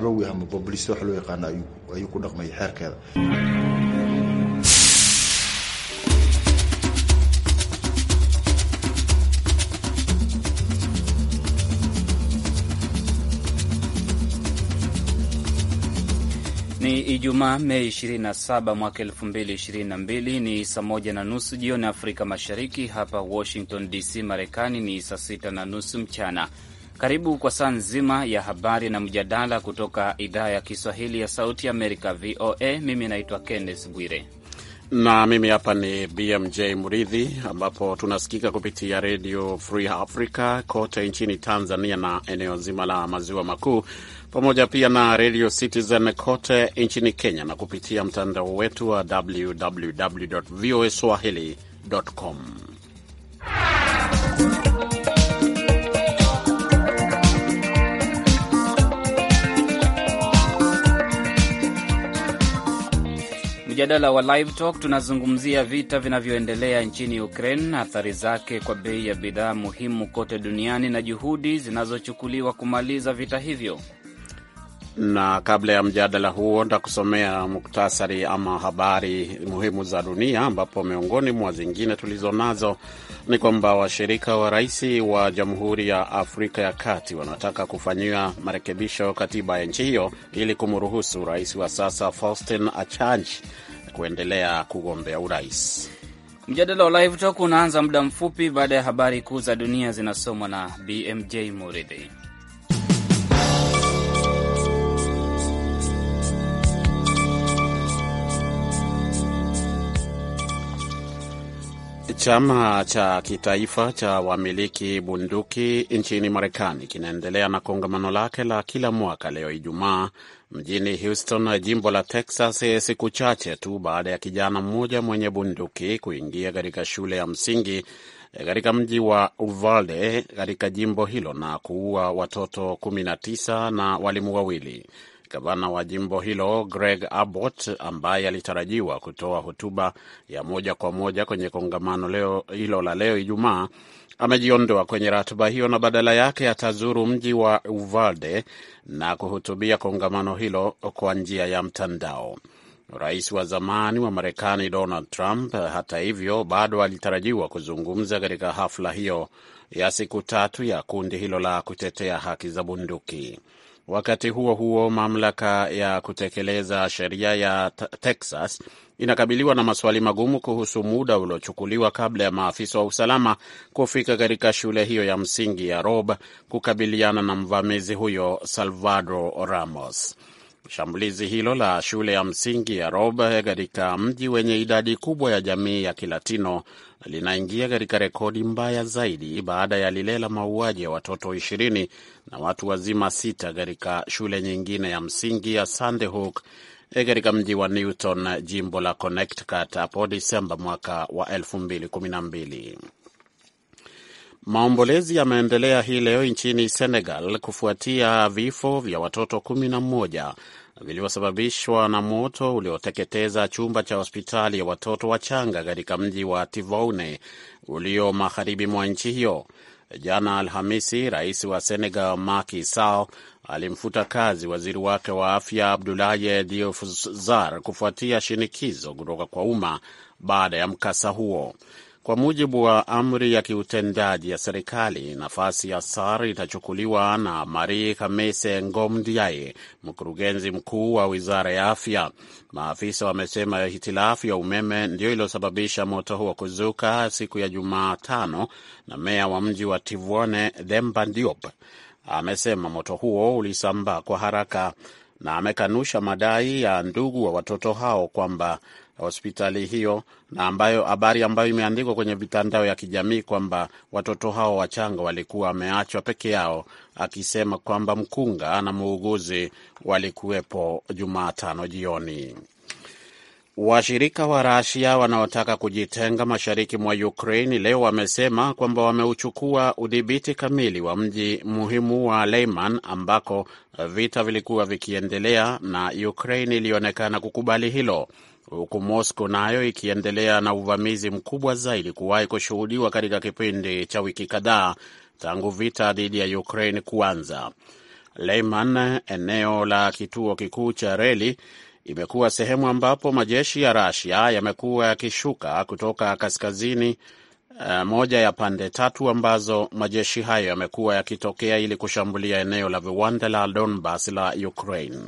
ama wax loo ayuu ku xeerkeeda. Ni Ijumaa, Mei 27 mwaka 2022. Ni saa moja na nusu jioni Afrika Mashariki. Hapa Washington DC, Marekani, ni saa sita na nusu mchana. Karibu kwa saa nzima ya habari na mjadala kutoka idhaa ya Kiswahili ya Sauti Amerika, VOA. Mimi naitwa Kenneth Bwire na mimi hapa ni BMJ Muridhi, ambapo tunasikika kupitia Redio Free Africa kote nchini Tanzania na eneo zima la maziwa makuu, pamoja pia na Radio Citizen kote nchini Kenya na kupitia mtandao wetu wa www voa swahili com Mjadala wa Live Talk tunazungumzia vita vinavyoendelea nchini Ukraine, athari zake kwa bei ya bidhaa muhimu kote duniani na juhudi zinazochukuliwa kumaliza vita hivyo. Na kabla ya mjadala huo, ntakusomea muktasari ama habari muhimu za dunia, ambapo miongoni mwa zingine tulizo nazo ni kwamba washirika wa rais wa Jamhuri ya Afrika ya Kati wanataka kufanyiwa marekebisho katiba ya nchi hiyo ili kumruhusu rais wa sasa Faustin Archange kuendelea kugombea urais. Mjadala wa Live Talk unaanza muda mfupi baada ya habari kuu za dunia zinasomwa na BMJ Muridhi. Chama cha kitaifa cha wamiliki bunduki nchini Marekani kinaendelea na kongamano lake la kila mwaka leo Ijumaa mjini Houston, jimbo la Texas, siku chache tu baada ya kijana mmoja mwenye bunduki kuingia katika shule ya msingi katika mji wa Uvalde katika jimbo hilo na kuua watoto 19 na walimu wawili. Gavana wa jimbo hilo Greg Abbott, ambaye alitarajiwa kutoa hotuba ya moja kwa moja kwenye kongamano leo hilo la leo Ijumaa, amejiondoa kwenye ratiba hiyo na badala yake atazuru mji wa Uvalde na kuhutubia kongamano hilo kwa njia ya mtandao. Rais wa zamani wa Marekani Donald Trump, hata hivyo, bado alitarajiwa kuzungumza katika hafla hiyo ya siku tatu ya kundi hilo la kutetea haki za bunduki. Wakati huo huo, mamlaka ya kutekeleza sheria ya Texas inakabiliwa na maswali magumu kuhusu muda uliochukuliwa kabla ya maafisa wa usalama kufika katika shule hiyo ya msingi ya Rob kukabiliana na mvamizi huyo Salvador Ramos. Shambulizi hilo la shule ya msingi ya Rob katika mji wenye idadi kubwa ya jamii ya Kilatino linaingia katika rekodi mbaya zaidi baada ya lile la mauaji ya watoto ishirini na watu wazima sita katika shule nyingine ya msingi ya Sandy Hook eh, katika mji wa Newton, jimbo la Connecticut hapo Disemba mwaka wa 2012. Maombolezi yameendelea hii leo nchini Senegal kufuatia vifo vya watoto kumi na mmoja vilivyosababishwa na moto ulioteketeza chumba cha hospitali ya watoto wachanga katika mji wa tivoune ulio magharibi mwa nchi hiyo. Jana Alhamisi, rais wa Senegal Macky Sall alimfuta kazi waziri wake wa afya Abdoulaye Diouf Sarr kufuatia shinikizo kutoka kwa umma baada ya mkasa huo. Kwa mujibu wa amri ya kiutendaji ya serikali, nafasi ya SAR itachukuliwa na Marie kamese ngomdiae mkurugenzi mkuu wa wizara ya afya. Maafisa wamesema hitilafu ya umeme ndio iliyosababisha moto huo kuzuka siku ya Jumatano, na meya wa mji wa Tivone Demba Diop amesema moto huo ulisambaa kwa haraka na amekanusha madai ya ndugu wa watoto hao kwamba hospitali hiyo, na ambayo habari ambayo imeandikwa kwenye mitandao ya kijamii kwamba watoto hao wachanga walikuwa wameachwa peke yao, akisema kwamba mkunga na muuguzi walikuwepo Jumatano jioni. Washirika wa Rasia wanaotaka kujitenga mashariki mwa Ukraini leo wamesema kwamba wameuchukua udhibiti kamili wa mji muhimu wa Leiman ambako vita vilikuwa vikiendelea na Ukraini ilionekana kukubali hilo huku Moscow nayo ikiendelea na uvamizi mkubwa zaidi kuwahi kushuhudiwa katika kipindi cha wiki kadhaa tangu vita dhidi ya Ukraine kuanza. leyman eneo la kituo kikuu cha reli, imekuwa sehemu ambapo majeshi ya Russia yamekuwa yakishuka kutoka kaskazini Eh, moja ya pande tatu ambazo majeshi hayo yamekuwa yakitokea ili kushambulia eneo la viwanda la Donbas la Ukraine.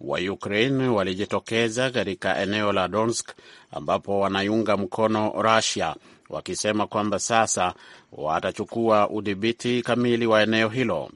Wa Ukraine walijitokeza katika eneo la Donsk ambapo wanaiunga mkono Russia wakisema kwamba sasa watachukua udhibiti kamili wa eneo hilo.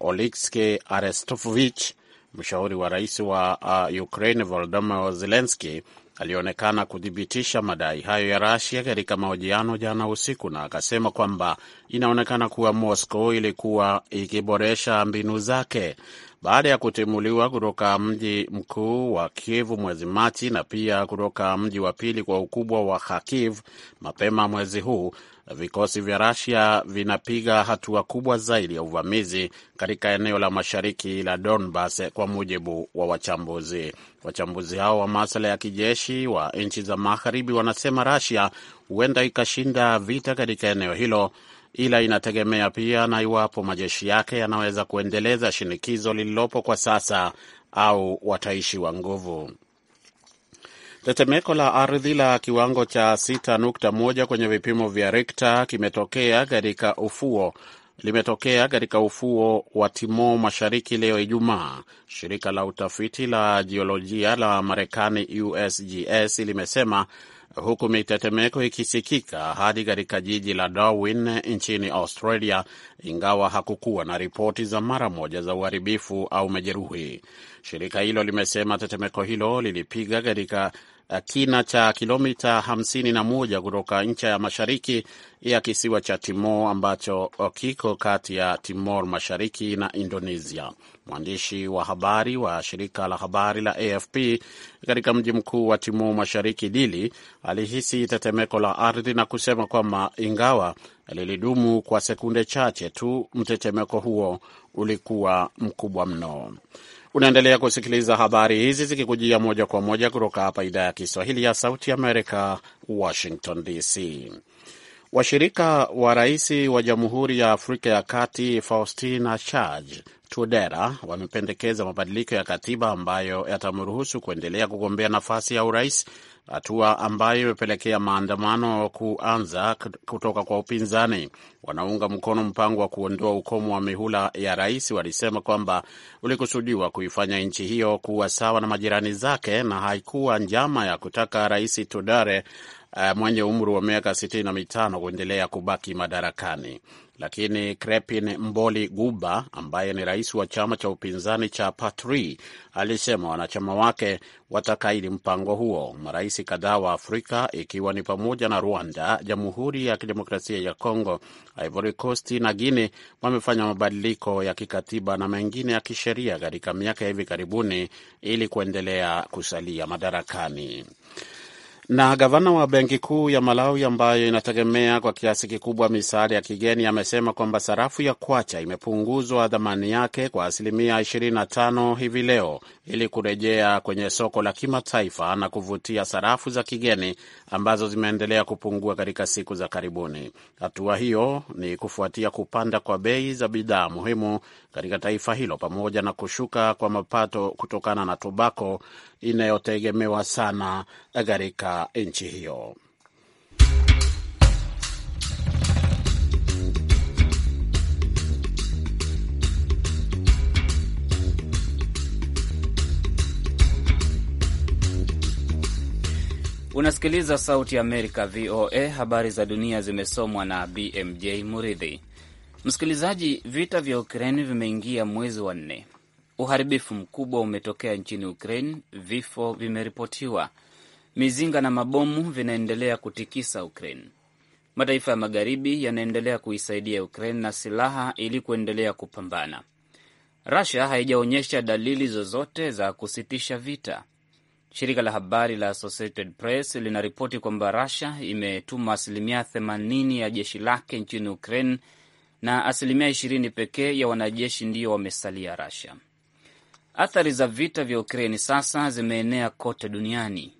Oleksiy Arestovich, mshauri wa rais wa uh, Ukraine Volodymyr Zelensky alionekana kuthibitisha madai hayo ya Rasia katika mahojiano jana usiku, na akasema kwamba inaonekana kuwa Moscow ilikuwa ikiboresha mbinu zake baada ya kutimuliwa kutoka mji mkuu wa kiv mwezi Machi na pia kutoka mji wa pili kwa ukubwa wa Kharkiv mapema mwezi huu vikosi vya Rusia vinapiga hatua kubwa zaidi ya uvamizi katika eneo la mashariki la Donbas, kwa mujibu wa wachambuzi. Wachambuzi hao wa masuala ya kijeshi wa nchi za magharibi wanasema Rusia huenda ikashinda vita katika eneo hilo, ila inategemea pia na iwapo majeshi yake yanaweza kuendeleza shinikizo lililopo kwa sasa au wataishi wa nguvu. Tetemeko la ardhi la kiwango cha 6.1 kwenye vipimo vya Richter kimetokea katika ufuo limetokea katika ufuo wa timo Mashariki leo Ijumaa. Shirika la utafiti la jiolojia la Marekani, USGS, limesema huku mitetemeko ikisikika hadi katika jiji la Darwin nchini Australia, ingawa hakukuwa na ripoti za mara moja za uharibifu au majeruhi. Shirika hilo limesema tetemeko hilo lilipiga katika eh, kina cha kilomita 51 kutoka ncha ya mashariki ya kisiwa cha Timor ambacho eh, kiko kati ya Timor Mashariki na Indonesia. Mwandishi wa habari wa shirika la habari la AFP katika mji mkuu wa Timor Mashariki, Dili, alihisi tetemeko la ardhi na kusema kwamba ingawa lilidumu kwa sekunde chache tu, mtetemeko huo ulikuwa mkubwa mno. Unaendelea kusikiliza habari hizi zikikujia moja kwa moja kutoka hapa idhaa ya Kiswahili ya Sauti Amerika, Washington DC. Washirika wa rais wa Jamhuri ya Afrika ya Kati Faustin Archange Tudera wamependekeza mabadiliko ya katiba ambayo yatamruhusu kuendelea kugombea nafasi ya urais, hatua ambayo imepelekea maandamano kuanza kutoka kwa upinzani. Wanaunga mkono mpango wa kuondoa ukomo wa mihula ya rais walisema kwamba ulikusudiwa kuifanya nchi hiyo kuwa sawa na majirani zake na haikuwa njama ya kutaka rais tudare eh, mwenye umri wa miaka sitini na mitano kuendelea kubaki madarakani lakini Crepin Mboli Guba ambaye ni rais wa chama cha upinzani cha Patri alisema wanachama wake watakaidi mpango huo. Marais kadhaa wa Afrika ikiwa ni pamoja na Rwanda, Jamhuri ya Kidemokrasia ya Kongo, Ivory Coast na guine wamefanya mabadiliko ya kikatiba na mengine ya kisheria katika miaka ya hivi karibuni ili kuendelea kusalia madarakani. Na gavana wa benki kuu ya Malawi ambayo inategemea kwa kiasi kikubwa misaada ya kigeni amesema kwamba sarafu ya kwacha imepunguzwa dhamani yake kwa asilimia 25 hivi leo ili kurejea kwenye soko la kimataifa na kuvutia sarafu za kigeni ambazo zimeendelea kupungua katika siku za karibuni. Hatua hiyo ni kufuatia kupanda kwa bei za bidhaa muhimu katika taifa hilo pamoja na kushuka kwa mapato kutokana na tobako inayotegemewa sana katika nchi hiyo. Unasikiliza Sauti ya Amerika, VOA. Habari za dunia zimesomwa na BMJ Muridhi. Msikilizaji, vita vya ukrain vimeingia mwezi wa nne. Uharibifu mkubwa umetokea nchini ukrain vifo vimeripotiwa, mizinga na mabomu vinaendelea kutikisa ukrain Mataifa ya Magharibi yanaendelea kuisaidia ukrain na silaha ili kuendelea kupambana. rusia haijaonyesha dalili zozote za kusitisha vita. Shirika la habari la Associated Press linaripoti kwamba Russia imetuma asilimia 80 ya jeshi lake nchini Ukraine na asilimia 20 pekee ya wanajeshi ndiyo wamesalia Russia. Athari za vita vya Ukraini sasa zimeenea kote duniani.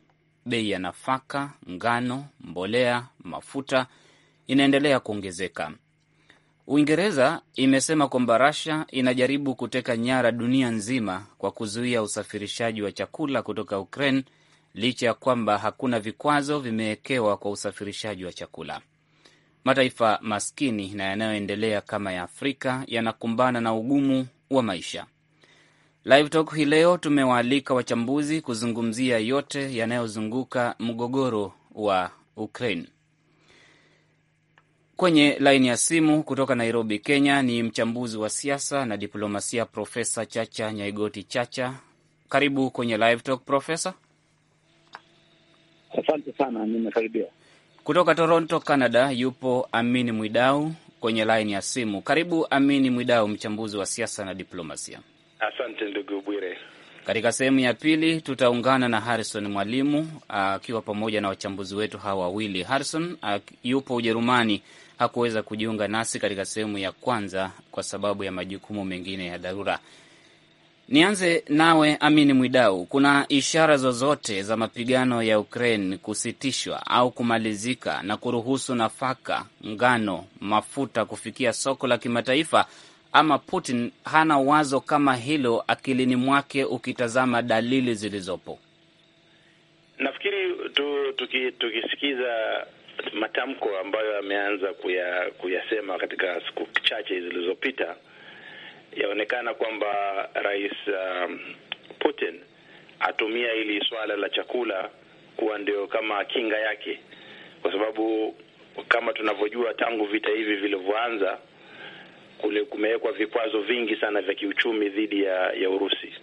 Bei ya nafaka, ngano, mbolea, mafuta inaendelea kuongezeka. Uingereza imesema kwamba Russia inajaribu kuteka nyara dunia nzima kwa kuzuia usafirishaji wa chakula kutoka Ukraine licha ya kwamba hakuna vikwazo vimewekewa kwa usafirishaji wa chakula. Mataifa maskini na yanayoendelea kama ya Afrika yanakumbana na ugumu wa maisha. Live Talk hii leo tumewaalika wachambuzi kuzungumzia yote yanayozunguka mgogoro wa Ukraine. Kwenye laini ya simu kutoka Nairobi, Kenya, ni mchambuzi wa siasa na diplomasia Profesa Chacha Nyaigoti Chacha. Karibu kwenye Live Talk Profesa. Asante sana, nimekaribia. Kutoka Toronto, Canada, yupo Amini Mwidau kwenye laini ya simu. Karibu Amini Mwidau, mchambuzi wa siasa na diplomasia. Asante ndugu Bwire. Katika sehemu ya pili tutaungana na Harrison Mwalimu akiwa pamoja na wachambuzi wetu hawa wawili. Harrison yupo Ujerumani hakuweza kujiunga nasi katika sehemu ya kwanza kwa sababu ya majukumu mengine ya dharura. Nianze nawe Amini Mwidau, kuna ishara zozote za mapigano ya Ukraine kusitishwa au kumalizika na kuruhusu nafaka, ngano, mafuta kufikia soko la kimataifa, ama Putin hana wazo kama hilo akilini mwake, ukitazama dalili zilizopo? Nafikiri tu, tuki, tukisikiza matamko ambayo ameanza kuya, kuyasema katika siku chache zilizopita yaonekana kwamba Rais uh, Putin atumia hili swala la chakula kuwa ndio kama kinga yake, kwa sababu kama tunavyojua, tangu vita hivi vilivyoanza kule kumewekwa vikwazo vingi sana vya kiuchumi dhidi ya, ya Urusi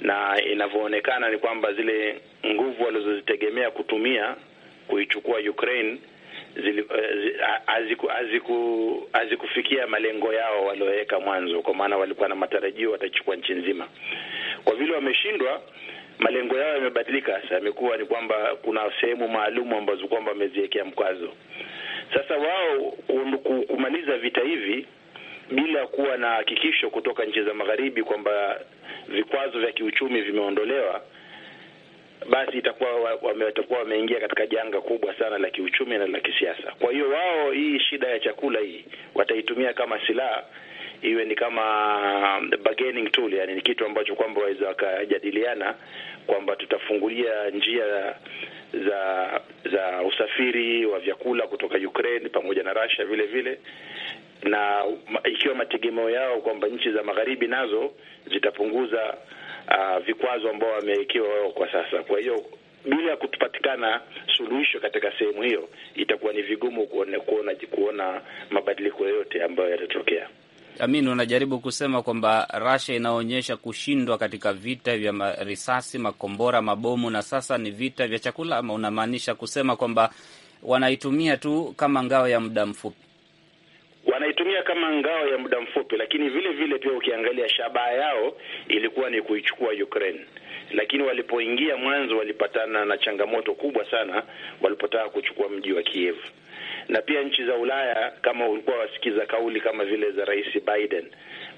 na inavyoonekana ni kwamba zile nguvu alizozitegemea kutumia kuichukua Ukraine eh, hazikufikia malengo yao walioweka mwanzo, kwa maana walikuwa na matarajio watachukua nchi nzima. Kwa vile wameshindwa, malengo yao yamebadilika sasa, yamekuwa ni kwamba kuna sehemu maalumu ambazo kwamba wameziwekea mkazo. Sasa wao kumaliza vita hivi bila kuwa na hakikisho kutoka nchi za magharibi kwamba vikwazo vya kiuchumi vimeondolewa basi itakuwa watakuwa wameingia katika janga kubwa sana la kiuchumi na la kisiasa. Kwa hiyo wao, hii shida ya chakula hii wataitumia kama silaha, iwe ni kama um, bargaining tool, yani ni kitu ambacho kwamba waweza wakajadiliana kwamba tutafungulia njia za za usafiri wa vyakula kutoka Ukraine pamoja na Russia vile vile, na ikiwa mategemeo yao kwamba nchi za magharibi nazo zitapunguza uh, vikwazo ambao wamewekewa wao kwa sasa. Kwa hiyo bila ya kupatikana suluhisho katika sehemu hiyo, itakuwa ni vigumu kuone, kuona, kuona mabadiliko yoyote ambayo yatatokea. Amin, unajaribu kusema kwamba Russia inaonyesha kushindwa katika vita vya risasi, makombora, mabomu na sasa ni vita vya chakula, ama unamaanisha kusema kwamba wanaitumia tu kama ngao ya muda mfupi? wanaitumia kama ngao ya muda mfupi, lakini vile vile pia ukiangalia shabaha yao ilikuwa ni kuichukua Ukraine, lakini walipoingia mwanzo walipatana na changamoto kubwa sana walipotaka kuchukua mji wa Kiev na pia nchi za Ulaya kama ulikuwa wasikiza kauli kama vile za Rais Biden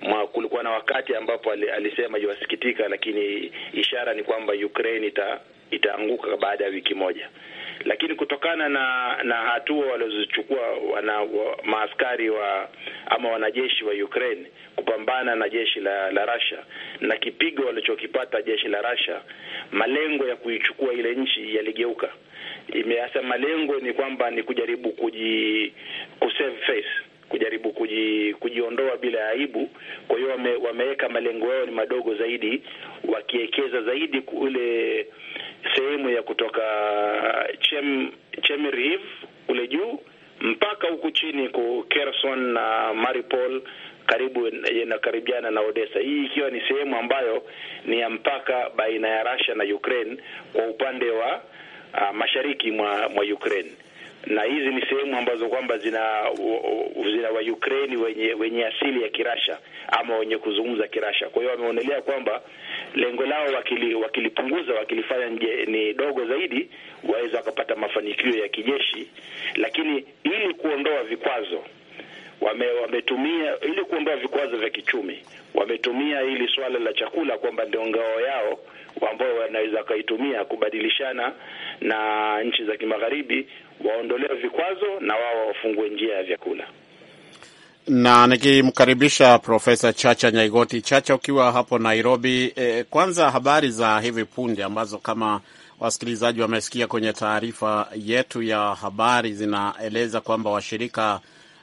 mwa, kulikuwa na wakati ambapo alisema yuwasikitika, lakini ishara ni kwamba Ukraine ita, itaanguka baada ya wiki moja lakini kutokana na na hatua walizochukua wana wa, maaskari wa ama wanajeshi wa Ukraine kupambana na jeshi la, la Russia na kipigo walichokipata jeshi la Russia, malengo ya kuichukua ile nchi yaligeuka. Imeasa malengo ni kwamba ni kujaribu kuji face kujaribu kuji, kujiondoa bila aibu. Kwa hiyo wame, wameweka malengo yao ni madogo zaidi, wakiwekeza zaidi kule sehemu ya kutoka Chem, Chemeriv kule juu mpaka huku chini ku Kherson na Mariupol karibu inakaribiana na Odessa, hii ikiwa ni sehemu ambayo ni ya mpaka baina ya Russia na Ukraine kwa upande wa uh, mashariki mwa, mwa Ukraine na hizi ni sehemu ambazo kwamba zina zina Waukraini wenye wenye asili ya Kirasha ama wenye kuzungumza Kirasha. Kwa hiyo wameonelea kwamba lengo lao wakili, wakilipunguza wakilifanya ni dogo zaidi, waweza wakapata mafanikio ya kijeshi, lakini ili kuondoa vikwazo wame, wametumia ili kuondoa vikwazo vya kichumi, wametumia hili swala la chakula kwamba ndio ngao yao ambao wanaweza wakaitumia kubadilishana na nchi za kimagharibi waondolewe vikwazo na wao wafungue njia ya vyakula. Na nikimkaribisha Profesa Chacha Nyaigoti Chacha, ukiwa hapo Nairobi. E, kwanza habari za hivi punde ambazo kama wasikilizaji wamesikia kwenye taarifa yetu ya habari zinaeleza kwamba washirika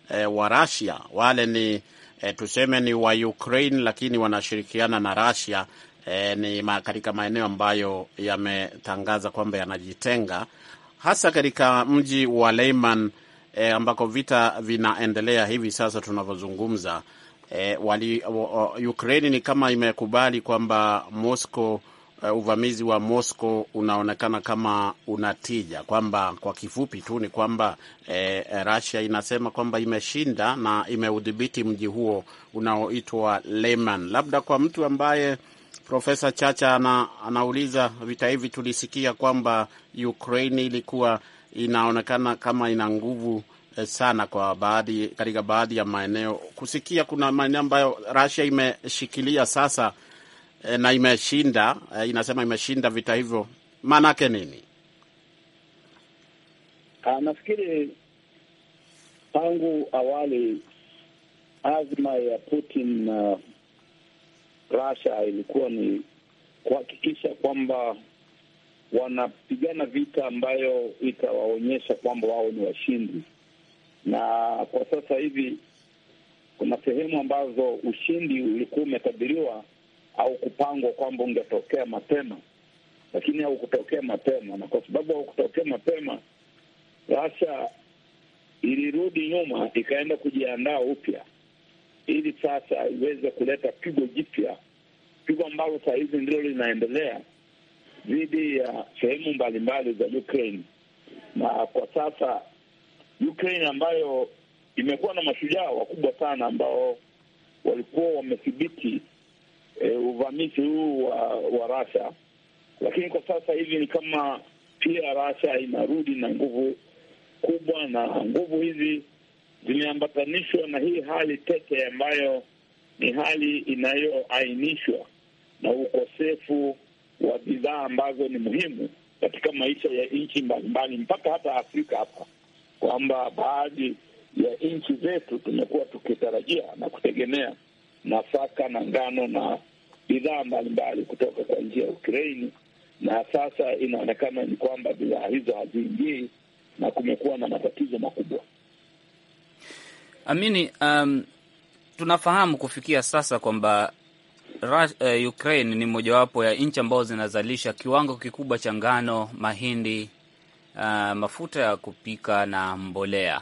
e, wa Russia wale ni e, tuseme ni wa Ukraine lakini wanashirikiana na Russia e, ni katika maeneo ambayo yametangaza kwamba yanajitenga hasa katika mji wa Leiman e, eh, ambako vita vinaendelea hivi sasa tunavyozungumza. E, wali, ni kama imekubali kwamba Moscow Uh, uvamizi wa Moscow unaonekana kama unatija, kwamba kwa kifupi tu ni kwamba eh, Russia inasema kwamba imeshinda na imeudhibiti mji huo unaoitwa Leman. Labda kwa mtu ambaye Profesa Chacha ana, anauliza vita hivi tulisikia kwamba Ukraine ilikuwa inaonekana kama ina nguvu eh, sana kwa baadhi, katika baadhi ya maeneo kusikia kuna maeneo ambayo Russia imeshikilia sasa eh, na imeshinda, eh, inasema imeshinda vita hivyo, yake nini? Ah, nafikiri tangu awali azma ya Putin na uh, Russia ilikuwa ni kuhakikisha kwamba wanapigana vita ambayo itawaonyesha kwamba wao ni washindi, na kwa sasa hivi kuna sehemu ambazo ushindi ulikuwa umetabiriwa au kupangwa kwamba ungetokea mapema, lakini haukutokea mapema, na kwa sababu haukutokea mapema, Russia ilirudi nyuma ikaenda kujiandaa upya ili sasa iweze kuleta pigo jipya, pigo ambalo saa hizi ndilo linaendelea dhidi ya sehemu mbalimbali za Ukraine. Na kwa sasa Ukraine ambayo imekuwa na mashujaa wakubwa sana ambao walikuwa wamethibiti e, uvamizi huu wa, wa Russia, lakini kwa sasa hivi ni kama pia Russia inarudi na nguvu kubwa, na nguvu hizi zimeambatanishwa na hii hali tete ambayo ni hali inayoainishwa na ukosefu wa bidhaa ambazo ni muhimu katika maisha ya nchi mbalimbali mpaka hata Afrika hapa, kwamba baadhi ya nchi zetu tumekuwa tukitarajia na kutegemea nafaka na ngano na bidhaa mbalimbali kutoka kwa nchi ya Ukraini, na sasa inaonekana ni kwamba bidhaa hizo haziingii na kumekuwa na matatizo makubwa. Amini, um, tunafahamu kufikia sasa kwamba uh, Ukraine ni mojawapo ya nchi ambazo zinazalisha kiwango kikubwa cha ngano, mahindi, uh, mafuta ya kupika na mbolea.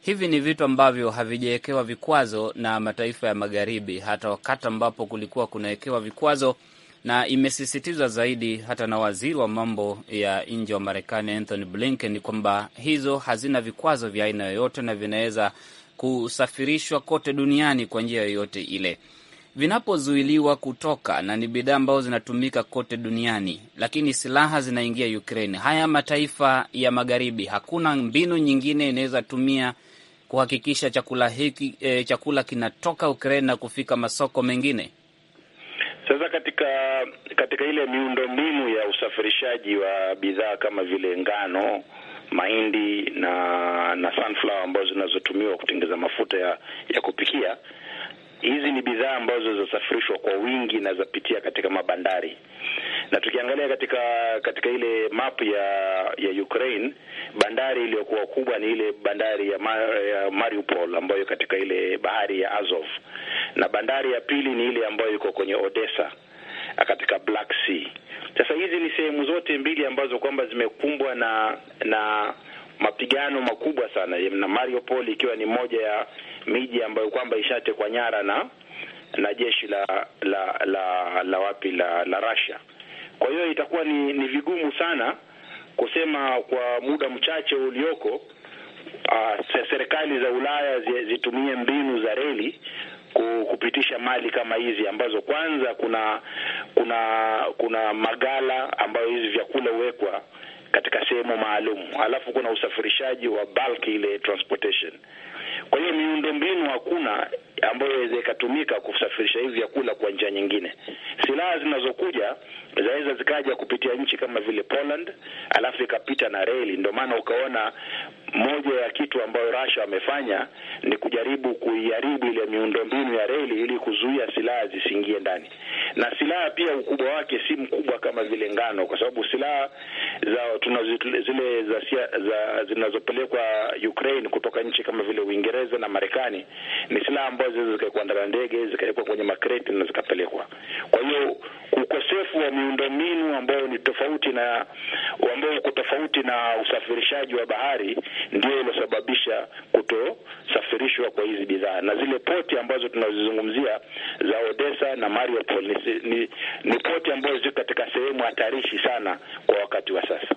Hivi ni vitu ambavyo havijawekewa vikwazo na mataifa ya Magharibi, hata wakati ambapo kulikuwa kunawekewa vikwazo, na imesisitizwa zaidi hata na waziri wa mambo ya nje wa Marekani Anthony Blinken kwamba hizo hazina vikwazo vya aina yoyote na vinaweza kusafirishwa kote duniani kwa njia yoyote ile, vinapozuiliwa kutoka na ni bidhaa ambazo zinatumika kote duniani, lakini silaha zinaingia Ukraine. Haya mataifa ya magharibi, hakuna mbinu nyingine inaweza tumia kuhakikisha chakula hiki e, chakula kinatoka Ukraine na kufika masoko mengine. Sasa katika katika ile miundombinu ya usafirishaji wa bidhaa kama vile ngano mahindi na na sunflower ambazo zinazotumiwa kutengeza mafuta ya, ya kupikia. Hizi ni bidhaa ambazo zinasafirishwa kwa wingi na zapitia katika mabandari, na tukiangalia katika katika ile map ya ya Ukraine, bandari iliyokuwa kubwa ni ile bandari ya, Mar ya Mariupol ambayo katika ile bahari ya Azov, na bandari ya pili ni ile ambayo iko kwenye Odessa. Eh, katika Black Sea. Sasa hizi ni sehemu zote mbili ambazo kwamba zimekumbwa na na mapigano makubwa sana, na Mariupol ikiwa ni moja ya miji ambayo kwamba ishatekwa nyara na na jeshi la la la, la wapi la, la Russia. Kwa hiyo itakuwa ni, ni vigumu sana kusema kwa muda mchache ulioko, uh, serikali za Ulaya zitumie mbinu za reli kupitisha mali kama hizi ambazo kwanza kuna kuna kuna magala ambayo hizi vyakula huwekwa katika sehemu maalum, alafu kuna usafirishaji wa bulk ile transportation. Kwa hiyo miundombinu hakuna ambayo inaweza ikatumika kusafirisha hivi vyakula kwa njia nyingine. Silaha zinazokuja zaweza zikaja kupitia nchi kama vile Poland, alafu ikapita na reli. Ndio maana ukaona moja ya kitu ambayo Russia wamefanya ni kujaribu kuiharibu ile miundombinu ya reli ili kuzuia silaha zisiingie ndani. Na silaha pia ukubwa wake si mkubwa kama vile ngano, kwa sababu silaha za zile za, za za zinazopelekwa Ukraine kutoka nchi kama vile Uingereza na Marekani ni silaha ambazo ambazo ndani ya ndege zikawekwa kwenye makreti na zikapelekwa. Kwa hiyo ukosefu wa miundombinu ambayo ni tofauti na ambao uko tofauti na usafirishaji wa bahari ndio ilosababisha kutosafirishwa kwa hizi bidhaa, na zile poti ambazo tunazizungumzia za Odessa na Mariupol ni, ni, ni poti ambazo ziko katika sehemu hatarishi sana kwa wakati wa sasa.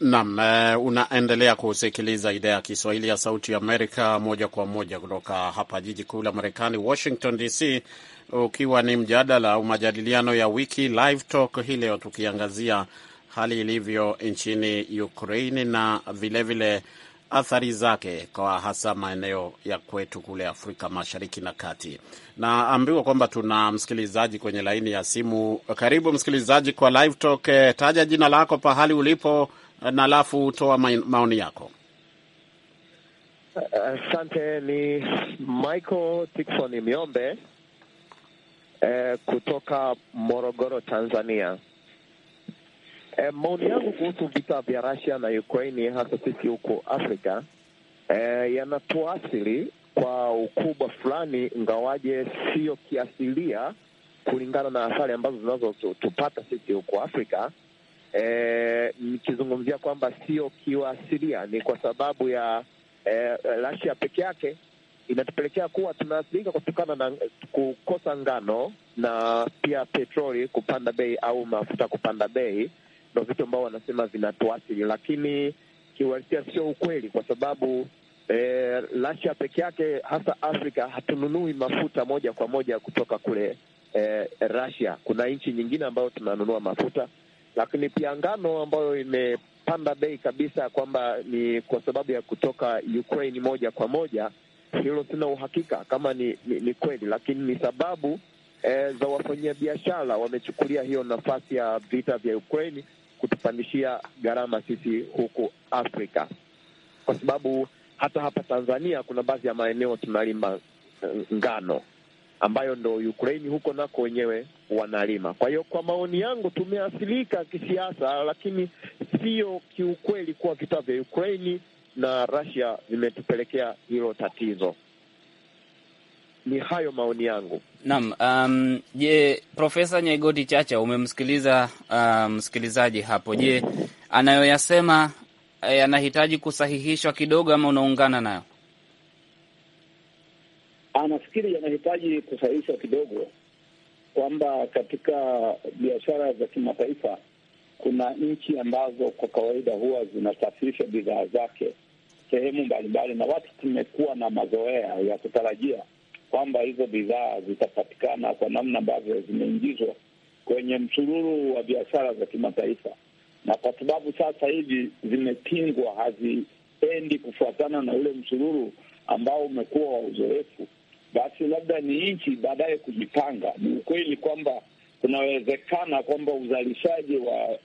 Naam, eh, unaendelea kusikiliza idhaa ya Kiswahili ya Sauti ya Amerika moja kwa moja kutoka hapa jiji kuu la Marekani, Washington DC, ukiwa ni mjadala au majadiliano ya wiki Live Talk hii leo, tukiangazia hali ilivyo nchini Ukraini na vilevile vile athari zake kwa hasa maeneo ya kwetu kule Afrika Mashariki na Kati. Naambiwa kwamba tuna msikilizaji kwenye laini ya simu. Karibu msikilizaji kwa Live Talk, eh, taja jina lako, pahali ulipo na alafu toa maoni yako. Uh, asante. Uh, ni Michael Tikson Miombe uh, eh, kutoka Morogoro, Tanzania. Uh, maoni yangu kuhusu vita vya Russia na ukraini hasa sisi huko Afrika uh, eh, yanatuathiri kwa ukubwa fulani, ingawaje sio kiasilia kulingana na athari ambazo zinazotupata sisi huko Afrika Eh, nikizungumzia kwamba sio kiwaasilia, ni kwa sababu ya e, eh, Rasia peke yake inatupelekea kuwa tunaathirika kutokana na kukosa ngano na pia petroli kupanda bei au mafuta kupanda bei, ndo vitu ambao wanasema vinatuathiri, lakini kiuhalisia sio ukweli, kwa sababu eh, Rasia peke yake hasa Afrika hatununui mafuta moja kwa moja kutoka kule e, Rasia. Kuna nchi nyingine ambayo tunanunua mafuta lakini pia ngano ambayo imepanda bei kabisa, kwamba ni kwa sababu ya kutoka Ukraine moja kwa moja. Hilo sina uhakika kama ni, ni, ni kweli, lakini ni sababu e, za wafanyabiashara wamechukulia hiyo nafasi ya vita vya Ukraine kutupandishia gharama sisi huku Afrika, kwa sababu hata hapa Tanzania kuna baadhi ya maeneo tunalima eh, ngano ambayo ndo Ukraini huko nako wenyewe wanalima. Kwa hiyo kwa maoni yangu tumeathirika kisiasa, lakini sio kiukweli kuwa vita vya Ukraini na Russia vimetupelekea hilo tatizo. Ni hayo maoni yangu. Naam. Um, je, Profesa Nyaigoti Chacha umemsikiliza msikilizaji um, msikilizaji hapo. Je, anayoyasema yanahitaji eh, kusahihishwa kidogo ama unaungana nayo? anafikiri yanahitaji kusahihishwa kidogo, kwamba katika biashara za kimataifa kuna nchi ambazo kwa kawaida huwa zinasafirisha bidhaa zake sehemu mbalimbali, na watu tumekuwa na mazoea ya kutarajia kwamba hizo bidhaa zitapatikana kwa namna ambavyo zimeingizwa kwenye msururu wa biashara za kimataifa, na kwa sababu sasa hivi zimepingwa, haziendi kufuatana na ule msururu ambao umekuwa wa uzoefu, basi labda ni nchi baadaye kujipanga. Ni ukweli kwamba kunawezekana kwamba uzalishaji wa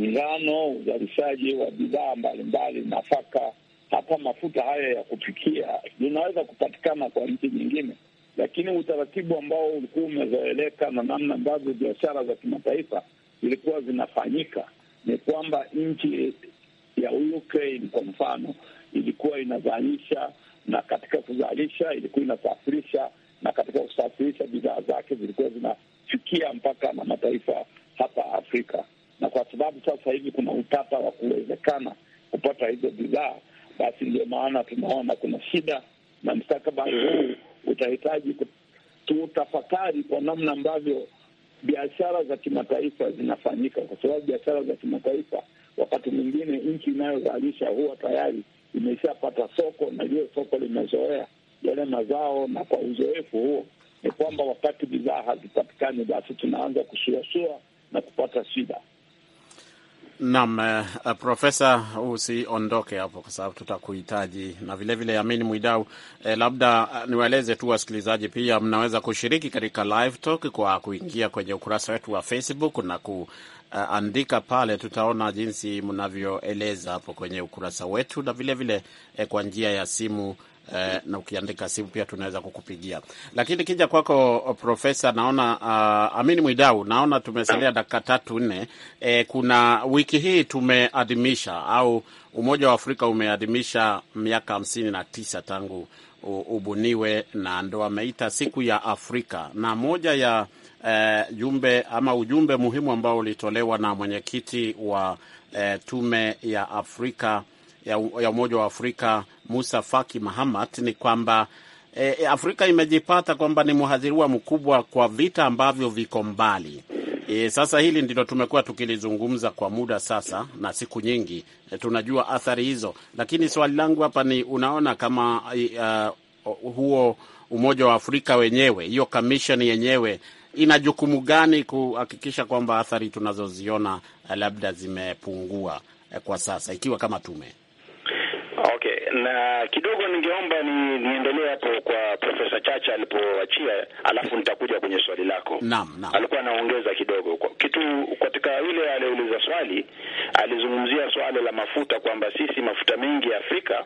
ngano, uzalishaji wa bidhaa mbalimbali, nafaka, hata mafuta haya ya kupikia inaweza kupatikana kwa nchi nyingine, lakini utaratibu ambao ulikuwa umezoeleka na namna ambavyo biashara za kimataifa zilikuwa zinafanyika ni kwamba nchi ya Ukraine kwa mfano ilikuwa inazalisha na katika kuzalisha ilikuwa inasafirisha, na katika kusafirisha bidhaa zake zilikuwa zinafikia mpaka na mataifa hapa Afrika. Na kwa sababu sasa hivi kuna utata wa kuwezekana kupata hizo bidhaa, basi ndio maana tunaona kuna shida, na mstakabali huu utahitaji tutafakari kwa namna ambavyo biashara za kimataifa zinafanyika, kwa sababu biashara za kimataifa wakati mwingine nchi inayozalisha huwa tayari imeshapata soko na lile soko limezoea yale mazao, na kwa uzoefu huo ni kwamba wakati bidhaa hazipatikani, basi tunaanza kusuasua na kupata shida. Naam, uh, Profesa, usiondoke hapo kwa sababu tutakuhitaji na vilevile Amini Mwidau. Eh, labda uh, niwaeleze tu wasikilizaji pia mnaweza kushiriki katika live talk kwa kuingia kwenye ukurasa wetu wa Facebook na ku uh, andika pale, tutaona jinsi mnavyoeleza hapo kwenye ukurasa wetu na vilevile eh, kwa njia ya simu Uh, na ukiandika simu pia tunaweza kukupigia. Lakini kija kwako Profesa, naona uh, ah, Amini Mwidau, naona tumesalia dakika tatu nne. Eh, kuna wiki hii tumeadhimisha au Umoja wa Afrika umeadhimisha miaka hamsini na tisa tangu ubuniwe na ndo ameita siku ya Afrika na moja ya eh, jumbe ama ujumbe muhimu ambao ulitolewa na mwenyekiti wa eh, tume ya Afrika ya, ya Umoja wa Afrika Musa Faki Mahamat ni kwamba E, Afrika imejipata kwamba ni mhadhiriwa mkubwa kwa vita ambavyo viko mbali. E, sasa hili ndilo tumekuwa tukilizungumza kwa muda sasa na siku nyingi. E, tunajua athari hizo, lakini swali langu hapa ni unaona kama uh, huo Umoja wa Afrika wenyewe, hiyo kamisheni yenyewe ina jukumu gani kuhakikisha kwamba athari tunazoziona eh, labda zimepungua eh, kwa sasa, ikiwa kama tume? Okay, na kidogo ningeomba ni, niendelee hapo kwa Profesa Chacha alipoachia, alafu nitakuja kwenye swali lako. Naam, naam. Alikuwa anaongeza kidogo kwa kitu katika yule aliyeuliza swali, alizungumzia swala la mafuta kwamba sisi mafuta mengi ya Afrika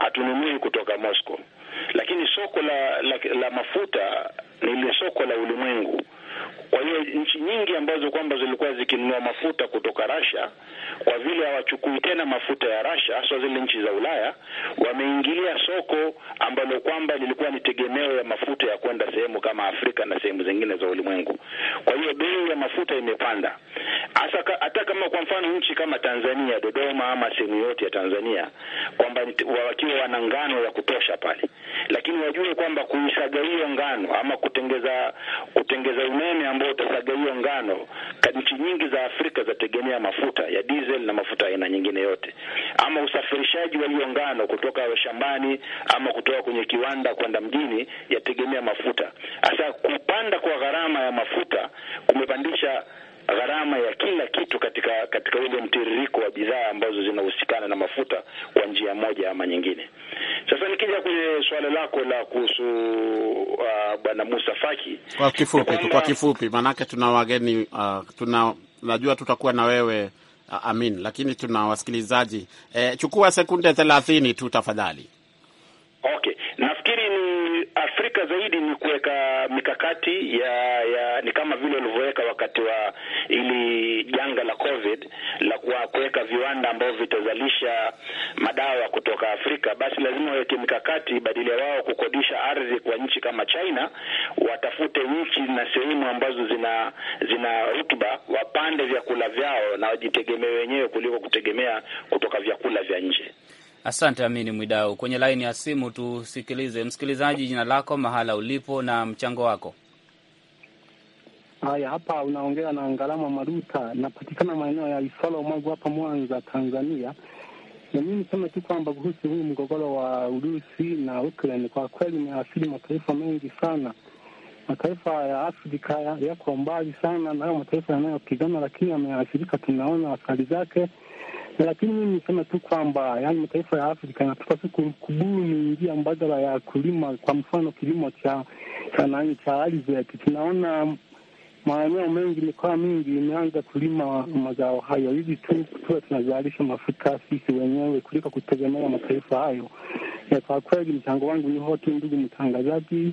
hatununui kutoka Moscow lakini soko la, la, la mafuta ni ile soko la ulimwengu kwa hiyo nchi nyingi ambazo kwamba zilikuwa zikinunua mafuta kutoka Russia, kwa vile hawachukui tena mafuta ya Russia, hasa zile nchi za Ulaya, wameingilia soko ambalo kwamba lilikuwa ni tegemeo ya mafuta ya kwenda sehemu kama Afrika na sehemu zingine za ulimwengu. Kwa hiyo bei ya mafuta imepanda, hasa hata kama kwa mfano nchi kama Tanzania, Dodoma ama sehemu yote ya Tanzania, kwamba wakiwa wana ngano ya kutosha pale, lakini wajue kwamba kuisagaia ngano ama kutengeza kutengeza umeme ambao utasaga hiyo ngano. Nchi nyingi za Afrika zategemea mafuta ya diesel na mafuta aina nyingine yote, ama usafirishaji wa hiyo ngano kutoka shambani ama kutoka kwenye kiwanda kwenda mjini yategemea mafuta. Sasa kupanda kwa gharama ya mafuta kumepandisha gharama ya kila kitu katika katika ule mtiririko wa bidhaa ambazo zinahusikana na mafuta kwa njia moja ama nyingine. Sasa nikija kwenye suala lako la kuhusu uh, bwana Musa Faki, kwa kifupi kwa kifupi, maanake tuna wageni uh, tuna najua tutakuwa na wewe uh, Amin, lakini tuna wasikilizaji eh, chukua sekunde thelathini tu tafadhali. Okay. Na Afrika zaidi ni kuweka mikakati ya, ya ni kama vile walivyoweka wakati wa ili janga la COVID la kuweka viwanda ambavyo vitazalisha madawa kutoka Afrika, basi lazima waweke mikakati badala ya wao kukodisha ardhi kwa nchi kama China, watafute nchi na sehemu ambazo zina zina rutuba, wapande vyakula vyao na wajitegemee wenyewe kuliko kutegemea kutoka vyakula vya nje. Asante Amini Mwidau. Kwenye laini ya simu tusikilize msikilizaji, jina lako, mahala ulipo na mchango wako. Haya, hapa unaongea na Ngalama Maruta, napatikana maeneo ya Isala magu hapa Mwanza, Tanzania. Na mimi niseme tu kwamba kuhusu huu mgogoro wa Urusi na Ukraine, kwa kweli umeathiri mataifa mengi sana. Mataifa ya Afrika yako mbali sana na hayo mataifa yanayopigana, lakini yameathirika, tunaona athari zake lakini mimi niseme tu kwamba yani mataifa ya Afrika tu kubuni njia mbadala ya kulima. Kwa mfano kilimo cha cha nani cha alizeti, tunaona maeneo mengi, mikoa mingi imeanza kulima mazao hayo, ili tu tuwe tunazalisha mafuta sisi wenyewe kuliko kutegemea mataifa hayo. Kwa kweli mchango wangu ni huo tu, ndugu mtangazaji,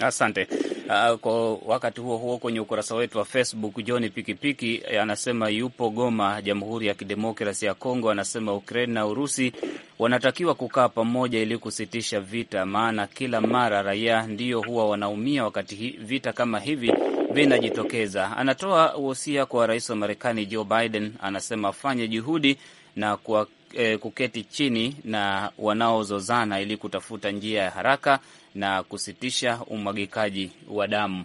asante. Uh, kwa wakati huo huo kwenye ukurasa wetu wa Facebook John Pikipiki eh, anasema yupo Goma, Jamhuri ya Kidemokrasi ya Kongo. Anasema Ukraine na Urusi wanatakiwa kukaa pamoja ili kusitisha vita, maana kila mara raia ndio huwa wanaumia wakati vita kama hivi vinajitokeza. Anatoa wosia kwa rais wa Marekani Joe Biden, anasema afanye juhudi na kwa eh, kuketi chini na wanaozozana ili kutafuta njia ya haraka na kusitisha umwagikaji wa damu.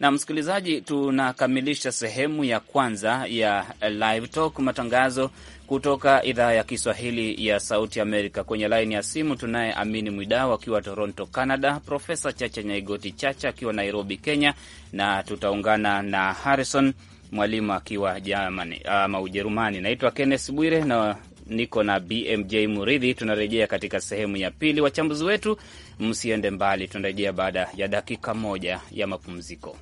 Na msikilizaji, tunakamilisha sehemu ya kwanza ya Live Talk, matangazo kutoka idhaa ya Kiswahili ya Sauti Amerika. Kwenye laini ya simu tunaye Amini Mwidau akiwa Toronto, Canada, Profesa Chacha Nyaigoti Chacha akiwa Nairobi, Kenya, na tutaungana na Harrison Mwalimu akiwa Germany ama Ujerumani. Naitwa Kenneth Bwire na niko na BMJ Muridhi. Tunarejea katika sehemu ya pili, wachambuzi wetu, msiende mbali, tunarejea baada ya dakika moja ya mapumziko.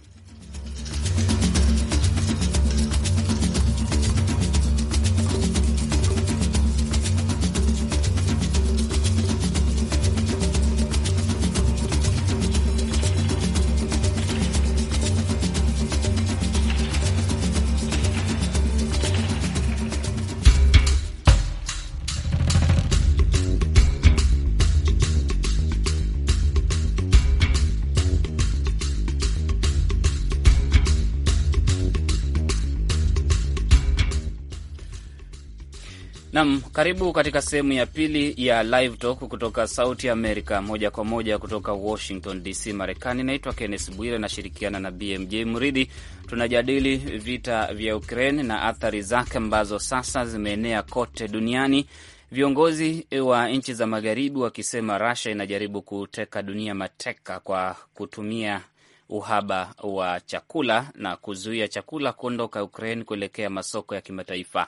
Nam, karibu katika sehemu ya pili ya Live Talk kutoka Sauti Amerika, moja kwa moja kutoka Washington DC, Marekani. Naitwa Kennes Bwire, nashirikiana na BMJ Mridhi. Tunajadili vita vya Ukraine na athari zake ambazo sasa zimeenea kote duniani, viongozi wa nchi za magharibi wakisema Russia inajaribu kuteka dunia mateka kwa kutumia uhaba wa chakula na kuzuia chakula kuondoka Ukraine kuelekea masoko ya kimataifa.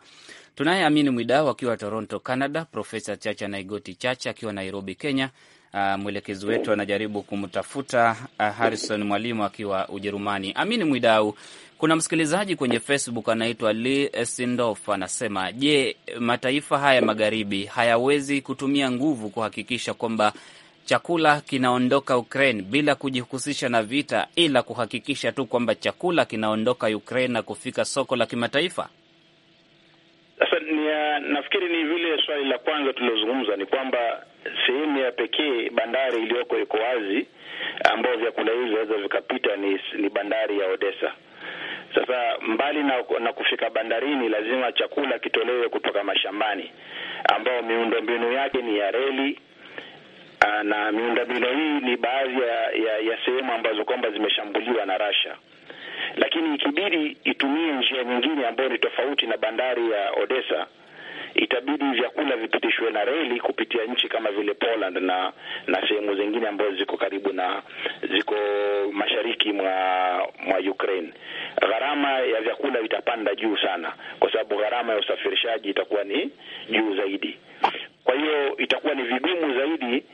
Tunaye Amini Mwidau akiwa Toronto, Canada, Profesa Chacha Naigoti Chacha akiwa Nairobi, Kenya. Uh, mwelekezi wetu anajaribu kumtafuta uh, Harrison Mwalimu akiwa Ujerumani. Amini Mwidau, kuna msikilizaji kwenye Facebook anaitwa Lee Sindof anasema, je, mataifa haya magharibi hayawezi kutumia nguvu kuhakikisha kwamba chakula kinaondoka Ukraine bila kujihusisha na vita, ila kuhakikisha tu kwamba chakula kinaondoka Ukraine na kufika soko la kimataifa? Sasa eh, nafikiri ni vile swali la kwanza tulilozungumza ni kwamba sehemu ya pekee bandari iliyoko iko wazi ambayo vyakula hivi vinaweza vikapita ni, ni bandari ya Odessa. Sasa mbali na, na kufika bandarini, lazima chakula kitolewe kutoka mashambani ambayo miundombinu yake ni ya reli eh, na miundombinu hii ni baadhi ya, ya, ya sehemu ambazo kwamba zimeshambuliwa na Russia lakini ikibidi itumie njia nyingine ambayo ni tofauti na bandari ya Odessa, itabidi vyakula vipitishwe na reli kupitia nchi kama vile Poland na na sehemu zingine ambazo ziko karibu na ziko mashariki mwa mwa Ukraine. Gharama ya vyakula itapanda juu sana, kwa sababu gharama ya usafirishaji itakuwa ni juu zaidi. Kwa hiyo itakuwa ni vigumu zaidi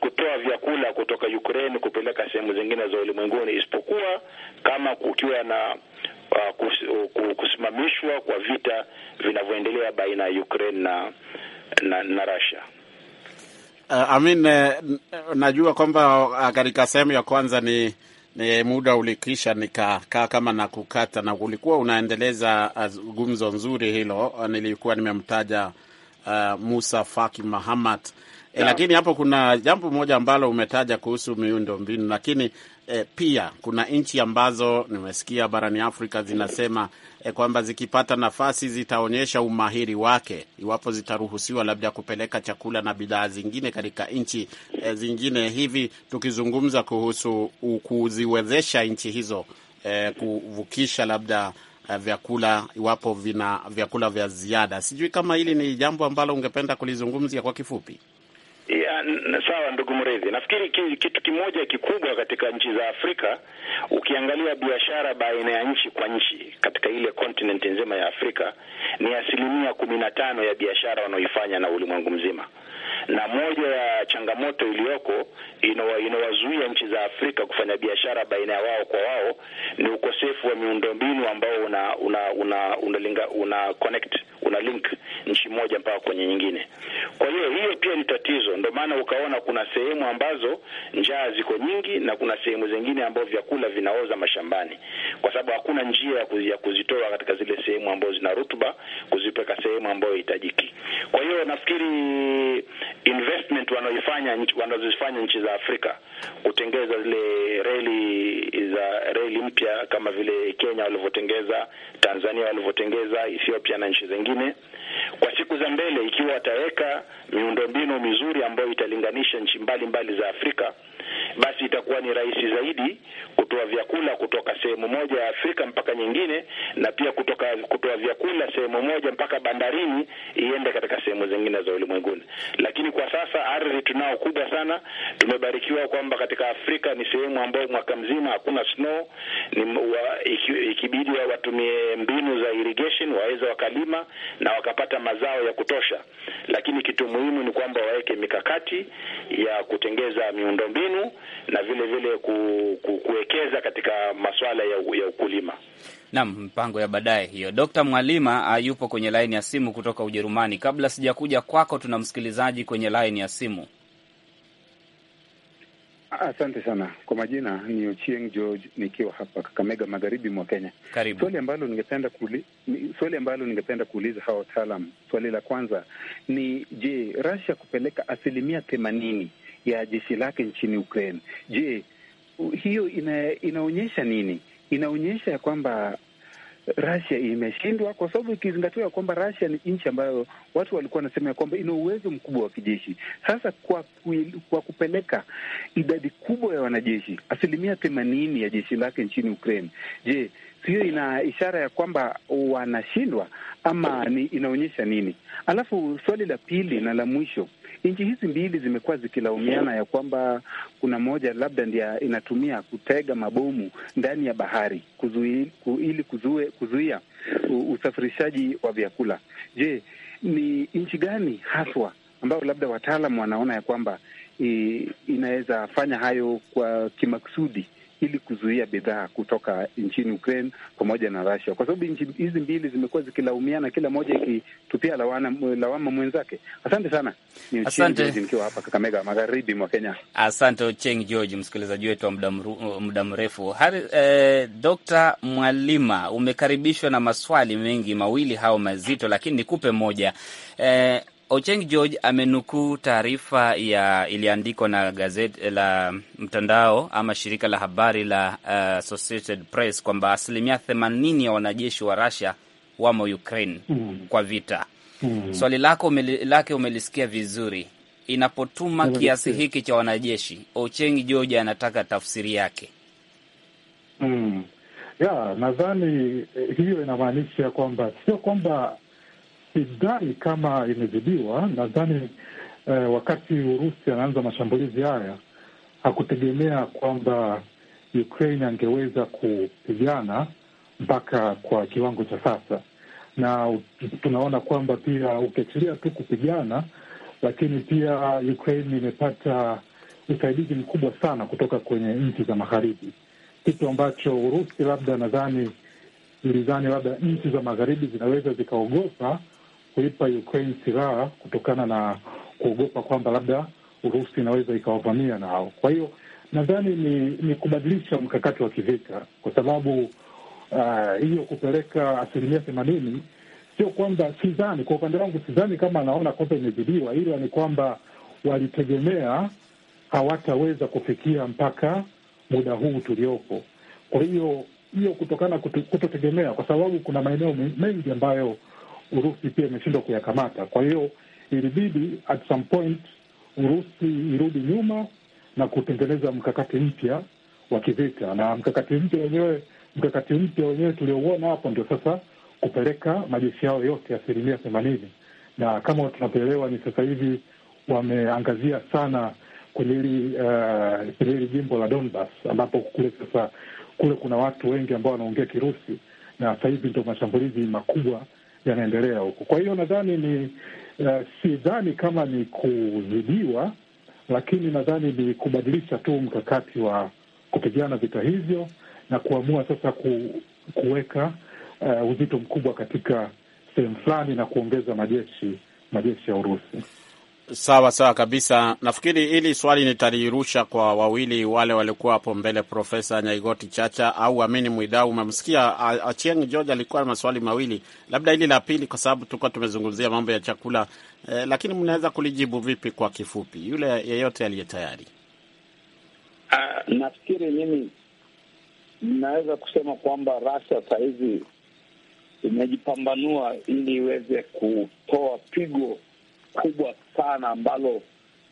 kutoa vyakula kutoka Ukraine kupeleka sehemu zingine za ulimwenguni, isipokuwa kama kukiwa na uh, uh kusimamishwa kwa vita vinavyoendelea baina ya Ukraine na, na, na Russia. Uh, Amin, eh, najua kwamba uh, katika sehemu ya kwanza ni ni muda ulikisha, nikakaa kama na kukata, na ulikuwa unaendeleza uh, gumzo nzuri hilo. Nilikuwa nimemtaja uh, Musa Faki Mahamat E, lakini hapo kuna jambo moja ambalo umetaja kuhusu miundo mbinu, lakini e, pia kuna nchi ambazo nimesikia barani Afrika zinasema e, kwamba zikipata nafasi zitaonyesha umahiri wake iwapo zitaruhusiwa labda kupeleka chakula na bidhaa zingine katika nchi e, zingine. Hivi tukizungumza kuhusu kuziwezesha nchi hizo e, kuvukisha labda vyakula iwapo vina vyakula vya ziada. Sijui kama hili ni jambo ambalo ungependa kulizungumzia kwa kifupi. Ya, sawa ndugu Mrezi, nafikiri kitu kimoja kikubwa katika nchi za Afrika, ukiangalia biashara baina ya nchi kwa nchi katika ile continent nzima ya Afrika ni asilimia kumi na tano ya biashara wanaoifanya na ulimwengu mzima na moja ya changamoto iliyoko inawazuia nchi za Afrika kufanya biashara baina ya wao kwa wao ni ukosefu wa miundombinu ambao una una una linga, una connect una link nchi moja mpaka kwenye nyingine. Kwa hiyo hiyo pia ni tatizo, ndio maana ukaona kuna sehemu ambazo njaa ziko nyingi na kuna sehemu zingine ambazo vyakula vinaoza mashambani, kwa sababu hakuna njia ya kuzitoa katika zile sehemu ambazo zina rutuba kuzipeka sehemu ambayo hitajiki. Kwa hiyo nafikiri investment wanaoifanya wanazozifanya nchi za Afrika kutengeza zile reli za reli mpya kama vile Kenya walivyotengeza, Tanzania walivyotengeza, Ethiopia na nchi zingine, kwa siku za mbele, ikiwa wataweka miundombinu mizuri ambayo italinganisha nchi mbalimbali mbali za Afrika basi itakuwa ni rahisi zaidi kutoa vyakula kutoka sehemu moja ya Afrika mpaka nyingine, na pia kutoka kutoa vyakula sehemu moja mpaka bandarini iende katika sehemu zingine za ulimwenguni. Lakini kwa sasa ardhi tunao kubwa sana, tumebarikiwa kwamba katika Afrika ni sehemu ambayo mwaka mzima hakuna snow. Ni wa, iki, ikibidi wa watumie mbinu za irrigation waweza wakalima na wakapata mazao ya kutosha, lakini kitu muhimu ni kwamba waweke mikakati ya kutengeza miundombinu mbinu na vile vile ku, ku, kuwekeza katika masuala ya, ya ukulima. Naam, mpango ya baadaye hiyo. Dkt. Mwalima ah, yupo kwenye laini ya simu kutoka Ujerumani. Kabla sijakuja kwako, tuna msikilizaji kwenye laini ya simu. Ah, asante sana kwa majina, ni Ochieng George nikiwa hapa Kakamega, magharibi mwa Kenya. Karibu. Swali ambalo ningependa kuuli, swali ambalo ningependa kuuliza hawa wataalam, swali la kwanza ni je, Russia kupeleka asilimia themanini ya jeshi lake nchini Ukraine. Je, hiyo ina, inaonyesha nini? Inaonyesha ya kwamba Russia imeshindwa, kwa sababu ikizingatiwa kwamba Russia ni nchi ambayo watu walikuwa wanasema ya kwamba ina uwezo mkubwa wa kijeshi. Sasa kwa, kwa kupeleka idadi kubwa ya wanajeshi, asilimia themanini ya jeshi lake nchini Ukraine, je, hiyo ina ishara ya kwamba wanashindwa ama ni inaonyesha nini? Alafu swali la pili na la mwisho nchi hizi mbili zimekuwa zikilaumiana ya kwamba kuna moja labda ndia inatumia kutega mabomu ndani ya bahari kuzui, ku, ili kuzue, kuzuia usafirishaji wa vyakula. Je, ni nchi gani haswa ambayo labda wataalam wanaona ya kwamba inaweza fanya hayo kwa kimakusudi ili kuzuia bidhaa kutoka nchini Ukraine pamoja na Russia, kwa sababu nchi hizi mbili zimekuwa zikilaumiana, kila moja ikitupia lawama mwenzake. Asante sana, ni nikiwa hapa Kakamega, magharibi mwa Kenya. Asante Ocheng George, msikilizaji wetu wa muda mrefu. Eh, Dr. Mwalima, umekaribishwa na maswali mengi mawili hao mazito, lakini nikupe moja eh, Ocheng George amenukuu taarifa ya iliyoandikwa na gazeti la mtandao ama shirika la habari la uh, Associated Press kwamba asilimia 80 ya wanajeshi wa Russia wamo Ukraine mm. kwa vita mm. swali lako umeli, lake umelisikia vizuri. Inapotuma kiasi hiki cha wanajeshi, Ocheng George anataka tafsiri yake mm. ya nadhani eh, hiyo inamaanisha kwamba sio kwamba sidhani kama imezidiwa. Nadhani eh, wakati Urusi anaanza mashambulizi haya hakutegemea kwamba Ukraine angeweza kupigana mpaka kwa kiwango cha sasa, na tunaona kwamba pia ukiachilia tu kupigana, lakini pia Ukraine imepata usaidizi mkubwa sana kutoka kwenye nchi za magharibi, kitu ambacho Urusi labda nadhani ilidhani labda nchi za magharibi zinaweza zikaogopa kuipa Ukraine silaha kutokana na kuogopa kwamba labda Urusi inaweza ikawavamia nao. Kwa hiyo nadhani ni, ni kubadilisha mkakati wa kivita kwa sababu uh, hiyo kupeleka asilimia themanini sio kwamba, sidhani, kwa upande wangu sidhani kama anaona kwamba imezidiwa, ila ni kwamba walitegemea hawataweza kufikia mpaka muda huu tuliopo. Kwa hiyo hiyo kutokana kutotegemea, kwa sababu kuna maeneo mengi ambayo Urusi pia imeshindwa kuyakamata. Kwa hiyo ilibidi at some point Urusi irudi nyuma na kutengeneza mkakati mpya wa kivita, na mkakati mpya wenyewe mkakati mpya wenyewe tuliouona hapo ndio sasa kupeleka majeshi yao yote asilimia themanini, na kama tunavyoelewa ni sasa hivi wameangazia sana kwenye hili uh, hili jimbo la Donbas ambapo kule sasa kule kuna watu wengi ambao wanaongea Kirusi na sasa hivi ndo mashambulizi makubwa yanaendelea huku. Kwa hiyo nadhani ni uh, sidhani kama ni kuzidiwa, lakini nadhani ni kubadilisha tu mkakati wa kupigana vita hivyo na kuamua sasa ku, kuweka uh, uzito mkubwa katika sehemu fulani na kuongeza majeshi majeshi ya Urusi. Sawa sawa kabisa. Nafikiri hili swali nitalirusha kwa wawili wale walikuwa hapo mbele, Profesa Nyaigoti Chacha au Amini Mwidau. Umemsikia Achieng George alikuwa na maswali mawili, labda hili la pili, kwa sababu tulikuwa tumezungumzia mambo ya chakula eh, lakini mnaweza kulijibu vipi kwa kifupi, yule yeyote aliye tayari? Uh, nafikiri mimi naweza kusema kwamba Russia sahizi imejipambanua ili iweze kutoa pigo kubwa sana ambalo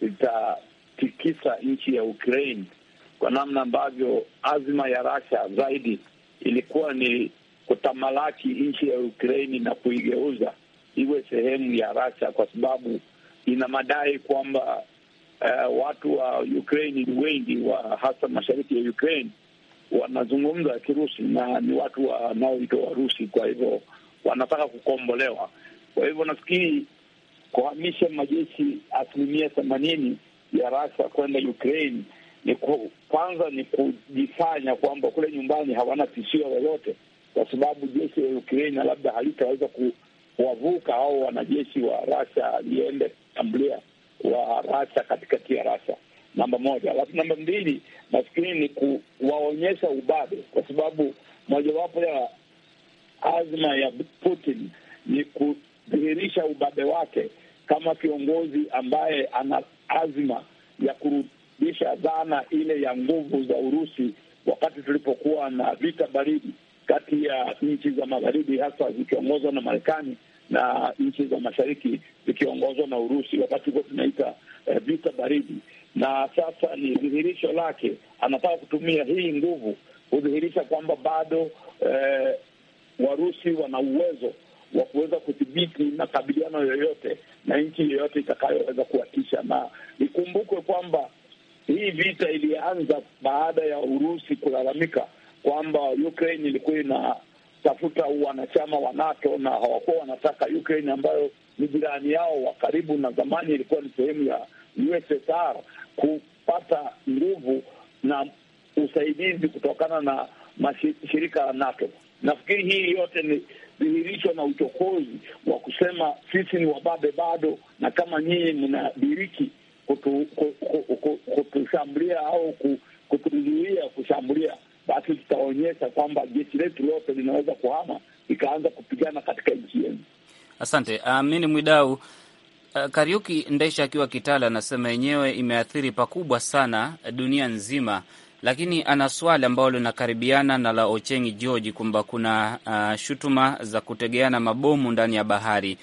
litatikisa nchi ya Ukraine kwa namna ambavyo azma ya Russia zaidi ilikuwa ni kutamalaki nchi ya Ukraini na kuigeuza iwe sehemu ya Russia, kwa sababu ina madai kwamba uh, watu wa Ukraini ni wengi wa hasa mashariki ya ukrain wanazungumza Kirusi na ni watu wanaoitwa Warusi, kwa hivyo wanataka kukombolewa. Kwa hivyo nafikiri kuhamisha majeshi asilimia themanini ya Russia kwenda Ukraine ni ku, kwanza ni kujifanya kwamba kule nyumbani hawana tishio lolote, kwa sababu jeshi la Ukraine labda halitaweza kuwavuka au wanajeshi wa Russia liende kushambulia wa Russia katikati ya Russia. Namba moja. Alafu namba mbili, nafikiri ni kuwaonyesha ubabe, kwa sababu mojawapo ya azma ya Putin ni kudhihirisha ubabe wake kama kiongozi ambaye ana azma ya kurudisha dhana ile ya nguvu za Urusi wakati tulipokuwa na vita baridi kati ya nchi za magharibi hasa zikiongozwa na Marekani na nchi za mashariki zikiongozwa na Urusi, wakati huo tunaita eh, vita baridi. Na sasa ni dhihirisho lake, anataka kutumia hii nguvu kudhihirisha kwamba bado eh, Warusi wana uwezo wa kuweza kudhibiti makabiliano yoyote na nchi yoyote itakayoweza kuwatisha, na ikumbukwe kwamba hii vita ilianza baada ya Urusi kulalamika kwamba Ukraine ilikuwa inatafuta wanachama wa NATO na hawakuwa wanataka Ukraine ambayo ni jirani yao wa karibu na zamani ilikuwa ni sehemu ya USSR kupata nguvu na usaidizi kutokana na mashirika ya NATO. Nafikiri hii yote ni dhihirishwa na uchokozi wa kusema sisi ni wababe bado, na kama nyinyi mnadiriki kutushambulia au kutuzuia kushambulia, basi tutaonyesha kwamba jeshi letu lote linaweza kuhama ikaanza kupigana katika nchi yenu. Asante. Ah, Mi ni mwidau ah, Kariuki Ndesha akiwa Kitala anasema yenyewe imeathiri pakubwa sana dunia nzima lakini ana swali ambalo linakaribiana na la Ochengi George kwamba kuna uh, shutuma za kutegeana mabomu ndani ya bahari.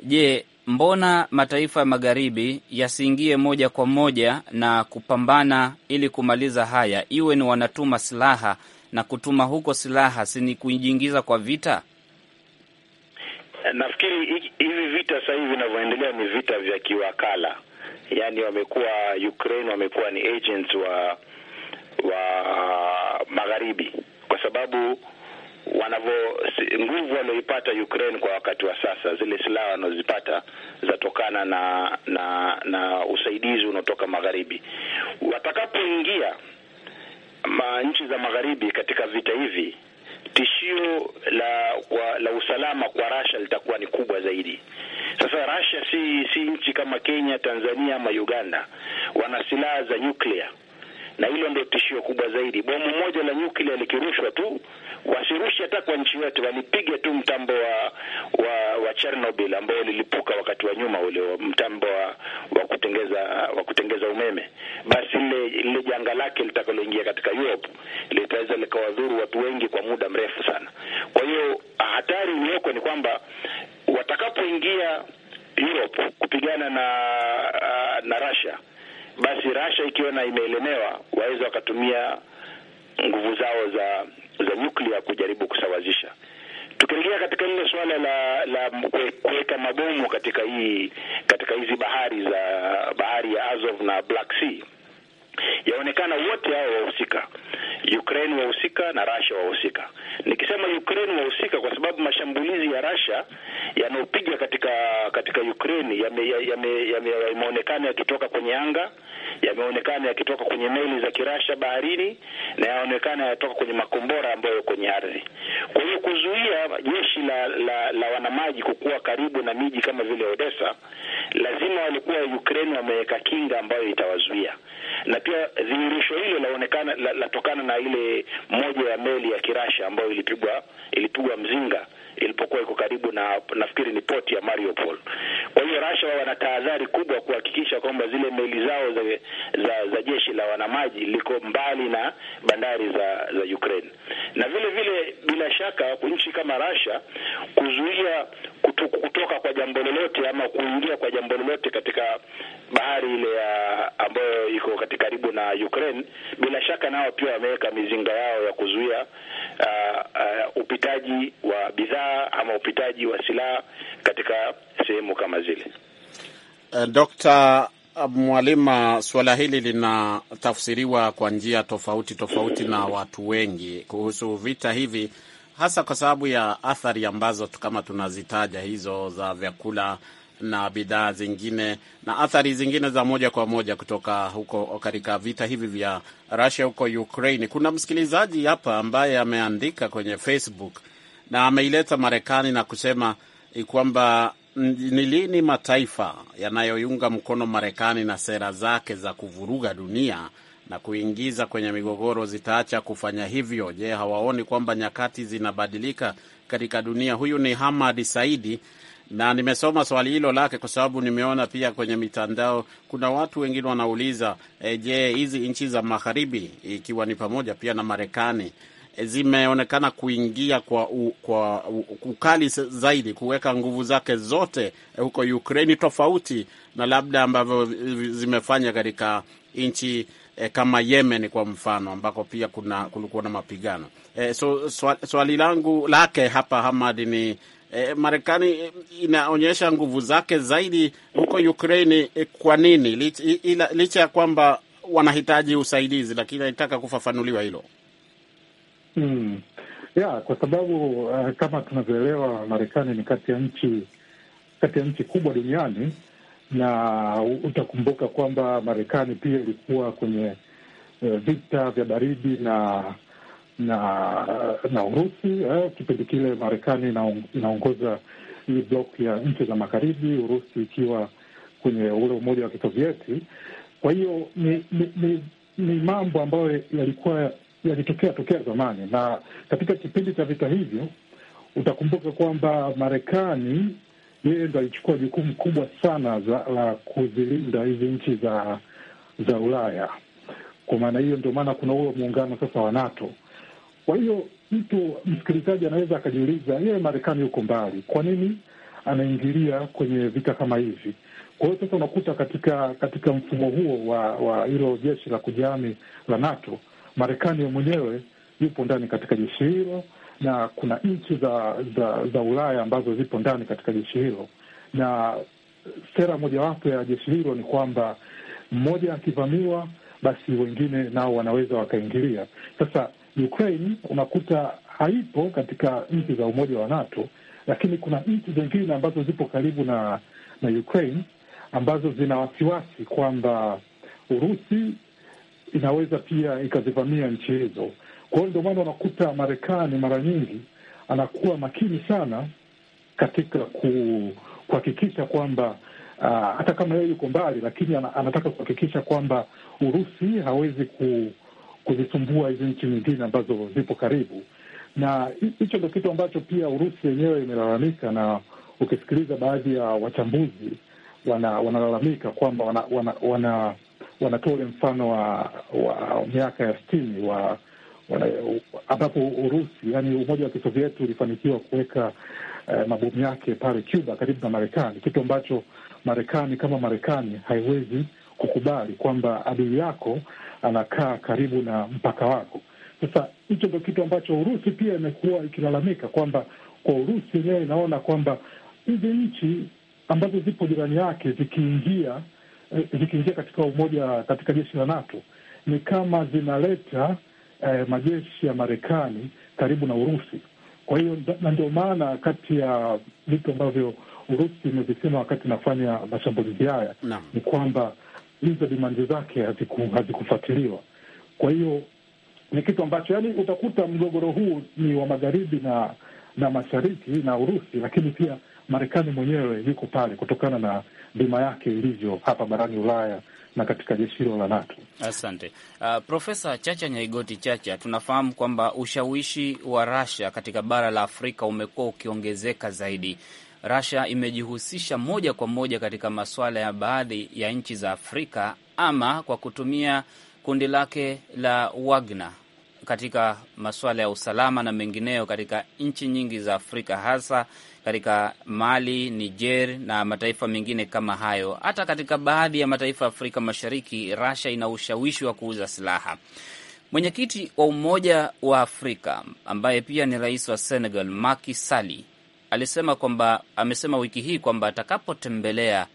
Je, mbona mataifa ya magharibi yasiingie moja kwa moja na kupambana ili kumaliza haya? Iwe ni wanatuma silaha na kutuma huko silaha, si ni kujiingiza kwa vita? Nafikiri hivi vita sasa hivi vinavyoendelea ni vita vya kiwakala, yaani wamekuwa Ukraine, wamekuwa ni agents wa wa magharibi, kwa sababu wanavyo nguvu walioipata Ukraine kwa wakati wa sasa, zile silaha wanazozipata zatokana na na na usaidizi unaotoka magharibi. Watakapoingia nchi za magharibi katika vita hivi, tishio la kwa, la usalama kwa Russia litakuwa ni kubwa zaidi. Sasa Russia si si nchi kama Kenya, Tanzania ama Uganda, wana silaha za nuclear na hilo ndio tishio kubwa zaidi. Bomu moja la nyuklia likirushwa tu, wasirushi hata kwa nchi yote, walipige tu mtambo wa wa, wa Chernobyl ambao lilipuka wakati wa nyuma ule mtambo wa, wa kutengeza wa kutengeza umeme, basi lile janga lake litakaloingia katika Europe litaweza likawadhuru watu wengi kwa muda mrefu sana. Kwa hiyo hatari iliyoko ni kwamba watakapoingia Europe kupigana na na Russia basi Russia ikiona imeelemewa, waweza wakatumia nguvu zao za za nyuklia kujaribu kusawazisha. Tukirejea katika lile suala la la kuweka mabomu katika hii katika hizi bahari za bahari ya Azov na Black Sea, yaonekana wote hao wahusika Ukraine wahusika na Russia wahusika. Nikisema Ukraine wahusika kwa sababu mashambulizi ya Russia yanayopiga katika katika Ukraine yameonekana yakitoka kwenye anga, yameonekana yakitoka kwenye meli za kirasha baharini, na yaonekana yatoka kwenye makombora ambayo kwenye ardhi. Kwa hiyo kuzuia jeshi la, la, la wanamaji kukua karibu na miji kama vile Odessa, lazima walikuwa Ukraine wameweka kinga ambayo itawazuia, na pia dhihirisho hilo laonekana latokana la na ile moja ya meli ya Kirasha ambayo ilipigwa ilipigwa mzinga ilipokuwa iko karibu na nafikiri ni poti ya Mariupol. Kwa hiyo Russia wana tahadhari kubwa kuhakikisha kwamba zile meli zao za, za, za jeshi la wanamaji liko mbali na bandari za, za Ukraine. Na vile vile bila shaka nchi kama Russia kuzuia kutoka kwa jambo lolote ama kuingia kwa jambo lolote katika bahari ile ya ambayo iko katika karibu na Ukraine, bila shaka nao pia wameweka mizinga yao ya kuzuia uh, uh, upitaji wa bidhaa silaha ama upitaji wa silaha katika sehemu kama zile. Uh, eh, Dr. Eh, mwalima, suala hili linatafsiriwa kwa njia tofauti tofauti na watu wengi kuhusu vita hivi, hasa kwa sababu ya athari ambazo kama tunazitaja hizo za vyakula na bidhaa zingine na athari zingine za moja kwa moja kutoka huko katika vita hivi vya Russia huko Ukraine. Kuna msikilizaji hapa ambaye ameandika kwenye Facebook na ameileta Marekani na kusema kwamba ni lini mataifa yanayoiunga mkono Marekani na sera zake za kuvuruga dunia na kuingiza kwenye migogoro zitaacha kufanya hivyo? Je, hawaoni kwamba nyakati zinabadilika katika dunia? Huyu ni Hamad Saidi na nimesoma swali hilo lake kwa sababu nimeona pia kwenye mitandao kuna watu wengine wanauliza e, je, hizi nchi za magharibi ikiwa ni pamoja pia na Marekani zimeonekana kuingia kwa, u, kwa ukali zaidi kuweka nguvu zake zote eh, huko Ukraini, tofauti na labda ambavyo zimefanya katika nchi e, kama Yemen kwa mfano, ambako pia kuna kulikuwa na mapigano e, so, swali, langu lake hapa Hamad ni e, Marekani inaonyesha nguvu zake zaidi huko Ukraini e, kwa nini licha ya kwamba wanahitaji usaidizi, lakini anataka kufafanuliwa hilo. Hmm. Yeah, kwa sababu uh, kama tunavyoelewa Marekani ni kati ya nchi kati ya nchi kubwa duniani, na utakumbuka kwamba Marekani pia ilikuwa kwenye uh, vita vya baridi na na na Urusi eh, kipindi kile Marekani inaongoza hii blok ya nchi za magharibi, Urusi ikiwa kwenye ule umoja wa Kisovieti. Kwa hiyo ni, ni, ni, ni mambo ambayo yalikuwa yalitokea tokea zamani, na katika kipindi cha vita hivyo utakumbuka kwamba Marekani yeye ndo alichukua jukumu kubwa sana za, la kuzilinda hizi nchi za za Ulaya. Kwa maana hiyo ndio maana kuna huo muungano sasa wa NATO. Kwa hiyo mtu msikilizaji anaweza akajiuliza, yeye Marekani yuko mbali, kwa nini anaingilia kwenye vita kama hivi? Kwa hiyo sasa unakuta katika katika mfumo huo wa wa hilo jeshi la kujihami la NATO Marekani mwenyewe yupo ndani katika jeshi hilo na kuna nchi za, za za Ulaya ambazo zipo ndani katika jeshi hilo, na sera mojawapo ya jeshi hilo ni kwamba mmoja akivamiwa, basi wengine nao wanaweza wakaingilia. Sasa Ukraine unakuta haipo katika nchi za umoja wa NATO, lakini kuna nchi zingine ambazo zipo karibu na na Ukraine ambazo zina wasiwasi kwamba Urusi inaweza pia ikazivamia nchi hizo. Kwa hiyo ndio maana unakuta Marekani mara nyingi anakuwa makini sana katika kuhakikisha kwamba uh, hata kama yeye yuko mbali, lakini anataka kuhakikisha kwamba Urusi hawezi ku, kuzisumbua hizi nchi nyingine ambazo zipo karibu, na hicho ndo kitu ambacho pia Urusi yenyewe imelalamika, na ukisikiliza baadhi ya wachambuzi wanalalamika wana kwamba wana, wana, wana wanatoa ule mfano wa wa miaka ya sitini wa ambapo Urusi, yani Umoja wa Kisovieti ulifanikiwa kuweka eh, mabomu yake pale Cuba karibu na Marekani, kitu ambacho Marekani kama Marekani haiwezi kukubali kwamba adui yako anakaa karibu na mpaka wako. Sasa hicho ndo kitu ambacho Urusi pia imekuwa ikilalamika kwamba kwa Urusi yenyewe inaona kwamba hizi nchi ambazo zipo jirani yake zikiingia zikiingia eh, katika umoja katika jeshi la NATO ni kama zinaleta eh, majeshi ya Marekani karibu na Urusi. Kwa hiyo na ndio maana kati ya vitu ambavyo Urusi imevisema wakati inafanya mashambulizi haya ni kwamba hizo dimandi zake hazikufuatiliwa. Kwa hiyo ni kitu ambacho yani, utakuta mgogoro huu ni wa magharibi na na mashariki na Urusi, lakini pia Marekani mwenyewe yuko pale kutokana na bima yake ilivyo hapa barani Ulaya na katika jeshi hilo la NATO. Asante uh, Profesa Chacha Nyaigoti Chacha, tunafahamu kwamba ushawishi wa Russia katika bara la Afrika umekuwa ukiongezeka zaidi. Russia imejihusisha moja kwa moja katika masuala ya baadhi ya nchi za Afrika ama kwa kutumia kundi lake la Wagner katika masuala ya usalama na mengineo katika nchi nyingi za Afrika, hasa katika Mali, Niger na mataifa mengine kama hayo. Hata katika baadhi ya mataifa ya Afrika Mashariki, Russia ina ushawishi wa kuuza silaha. Mwenyekiti wa Umoja wa Afrika ambaye pia ni rais wa Senegal, Macky Sall, alisema kwamba amesema wiki hii kwamba atakapotembelea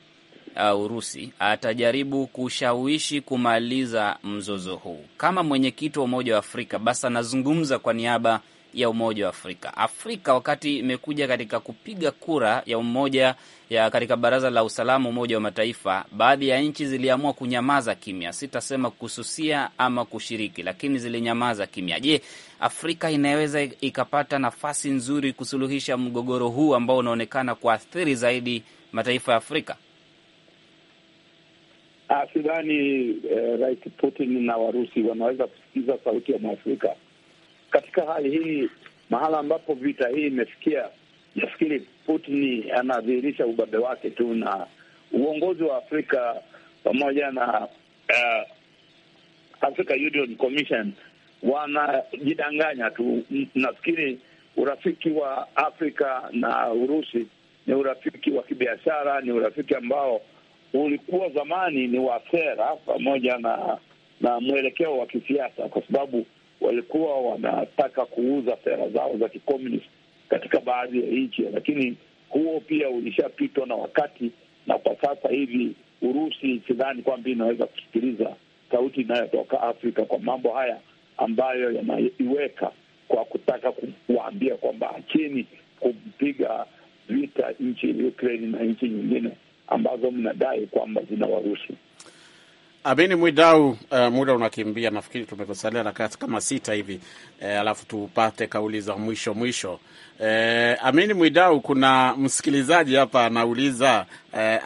uh, Urusi atajaribu kushawishi kumaliza mzozo huu. Kama mwenyekiti wa Umoja wa Afrika, basi anazungumza kwa niaba ya Umoja wa Afrika. Afrika wakati imekuja katika kupiga kura ya umoja ya katika Baraza la Usalama Umoja wa Mataifa, baadhi ya nchi ziliamua kunyamaza kimya. Sitasema kususia ama kushiriki, lakini zilinyamaza kimya. Je, Afrika inaweza ikapata nafasi nzuri kusuluhisha mgogoro huu ambao unaonekana kuathiri zaidi mataifa ya Afrika? Ah, sidhani eh, Rais Putin na Warusi wanaweza kusikiza sauti ya Mwafrika katika hali hii, mahala ambapo vita hii imefikia. Nafikiri Putin anadhihirisha ubabe wake tu, na uongozi wa Afrika pamoja na uh, Africa Union Commission wanajidanganya tu. Nafikiri urafiki wa Afrika na Urusi ni urafiki wa kibiashara, ni urafiki ambao ulikuwa zamani ni wa sera pamoja na na mwelekeo wa kisiasa, kwa sababu walikuwa wanataka kuuza sera zao za kikomunisti katika baadhi ya nchi, lakini huo pia ulishapitwa na wakati, na kwa sasa hivi Urusi sidhani kwamba inaweza kusikiliza sauti inayotoka Afrika kwa mambo haya ambayo yanaiweka kwa kutaka kuwaambia kwamba acheni kumpiga vita nchi Ukraine na nchi nyingine ambazo mnadai kwamba zinawahusu. Amini Mwidau, uh, muda unakimbia, nafikiri tumekosalia kati kama sita hivi e, alafu tupate kauli za mwisho mwisho. E, eh, Amini Mwidau, kuna msikilizaji hapa anauliza e,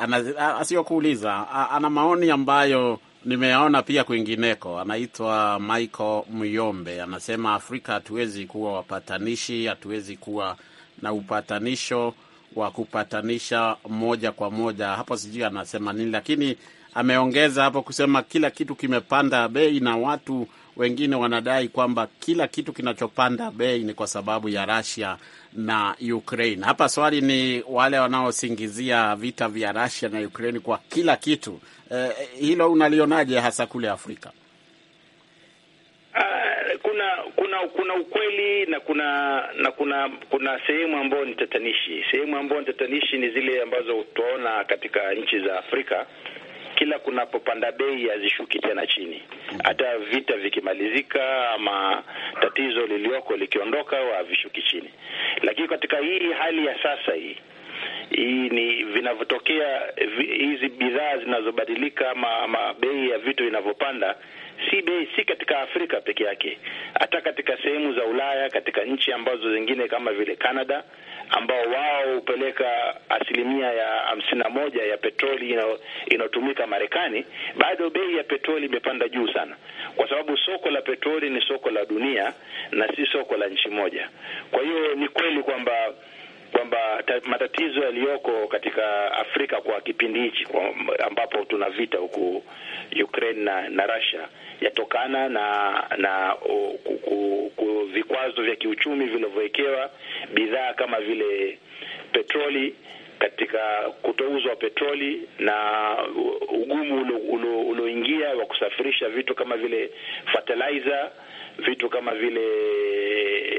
asiyokuuliza, ana maoni ambayo nimeyaona pia kwingineko. Anaitwa Michael Myombe, anasema Afrika hatuwezi kuwa wapatanishi, hatuwezi kuwa na upatanisho wa kupatanisha moja kwa moja hapo, sijui anasema nini, lakini ameongeza hapo kusema kila kitu kimepanda bei na watu wengine wanadai kwamba kila kitu kinachopanda bei ni kwa sababu ya Russia na Ukraine. Hapa swali ni wale wanaosingizia vita vya Russia na Ukraine kwa kila kitu. Eh, hilo unalionaje hasa kule Afrika? kuna kuna kuna ukweli na kuna na kuna kuna sehemu ambayo ni tatanishi. Sehemu ambayo ni tatanishi ni zile ambazo twaona katika nchi za Afrika kila kunapopanda bei hazishuki tena chini, hata vita vikimalizika ama tatizo lilioko likiondoka havishuki chini. Lakini katika hii hali ya sasa hii hii ni vinavyotokea hizi bidhaa zinazobadilika ama, ama bei ya vitu vinavyopanda si bei, si katika Afrika peke yake, hata katika sehemu za Ulaya, katika nchi ambazo zingine kama vile Canada, ambao wao hupeleka asilimia ya hamsini na moja ya petroli inayotumika Marekani, bado bei ya petroli imepanda juu sana, kwa sababu soko la petroli ni soko la dunia na si soko la nchi moja. Kwa hiyo ni kweli kwamba kwamba matatizo yaliyoko katika Afrika kwa kipindi hichi ambapo tuna vita huku Ukraine na, na Russia yatokana na na ku, ku, ku, vikwazo vya kiuchumi vilivyowekewa bidhaa kama vile petroli katika kutouzwa petroli na ugumu ulioingia wa kusafirisha vitu kama vile fertilizer vitu kama vile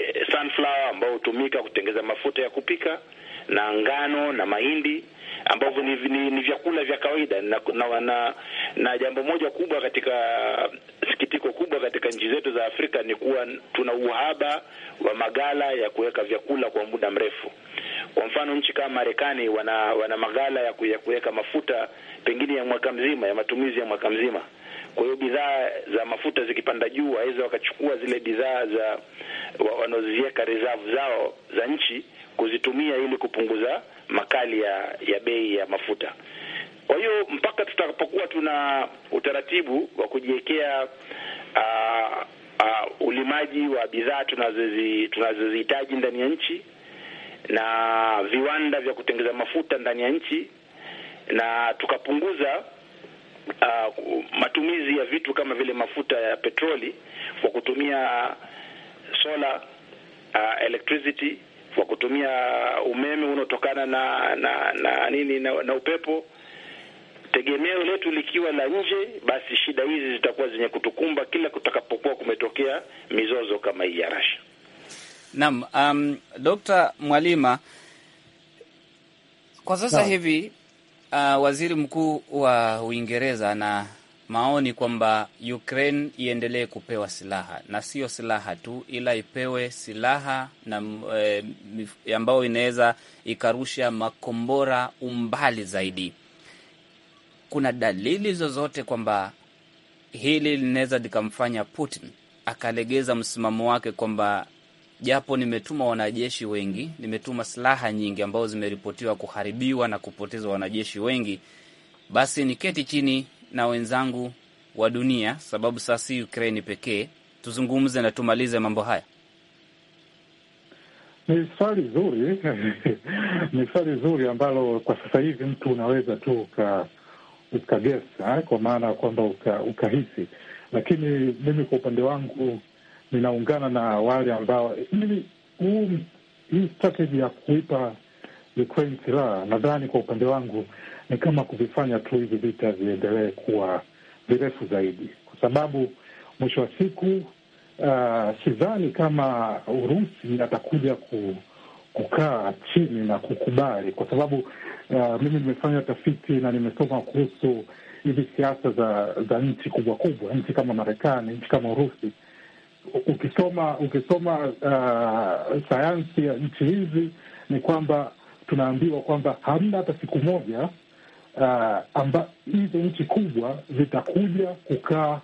eh, sunflower ambao hutumika kutengeza mafuta ya kupika na ngano na mahindi ambavyo ni, ni, ni vyakula vya kawaida na, na, na, na jambo moja kubwa katika sikitiko kubwa katika nchi zetu za Afrika ni kuwa tuna uhaba wa magala ya kuweka vyakula kwa muda mrefu. Kwa mfano nchi kama Marekani wana, wana magala ya kuweka mafuta pengine ya mwaka mzima ya matumizi ya mwaka mzima kwa hiyo bidhaa za mafuta zikipanda juu, waweza wakachukua zile bidhaa za wanaoziweka reserve zao za nchi kuzitumia ili kupunguza makali ya, ya bei ya mafuta. Kwa hiyo mpaka tutakapokuwa tuna utaratibu wa kujiwekea uh, uh, ulimaji wa bidhaa tunazozi tunazozihitaji ndani ya nchi na viwanda vya kutengeza mafuta ndani ya nchi na tukapunguza uh, matumizi ya vitu kama vile mafuta ya petroli kwa kutumia solar, uh, electricity kwa kutumia umeme unaotokana na na, na nini na, na upepo. Tegemeo letu likiwa la nje, basi shida hizi zitakuwa zenye kutukumba kila kutakapokuwa kumetokea mizozo kama hii ya Russia. Naam, um, Dr. Mwalima kwa sasa no. hivi uh, waziri mkuu wa Uingereza na maoni kwamba Ukraine iendelee kupewa silaha na sio silaha tu, ila ipewe silaha na eh, ambayo inaweza ikarusha makombora umbali zaidi. Kuna dalili zozote kwamba hili linaweza likamfanya Putin akalegeza msimamo wake kwamba japo nimetuma wanajeshi wengi, nimetuma silaha nyingi ambazo zimeripotiwa kuharibiwa na kupoteza wanajeshi wengi, basi niketi chini na wenzangu wa dunia, sababu sasa si Ukraini pekee, tuzungumze na tumalize mambo haya? Ni swali zuri ni swali zuri ambalo kwa sasa hivi mtu unaweza tu uka ukagesa, eh, kwa maana ya kwamba ukahisi uka, lakini mimi kwa upande wangu ninaungana na wale ambao mimi huu hii strategy ya kuipa Ukraine silaha, nadhani kwa upande wangu ni kama kuvifanya tu hivi vita viendelee kuwa virefu zaidi, kwa sababu mwisho wa siku uh, sidhani kama Urusi atakuja ku, kukaa chini na kukubali, kwa sababu uh, mimi nimefanya tafiti na nimesoma kuhusu hivi siasa za, za nchi kubwa kubwa, nchi kama Marekani, nchi kama Urusi ukisoma ukisoma uh, sayansi ya nchi hizi ni kwamba tunaambiwa kwamba hamna hata siku moja uh, amba hizo nchi kubwa zitakuja kukaa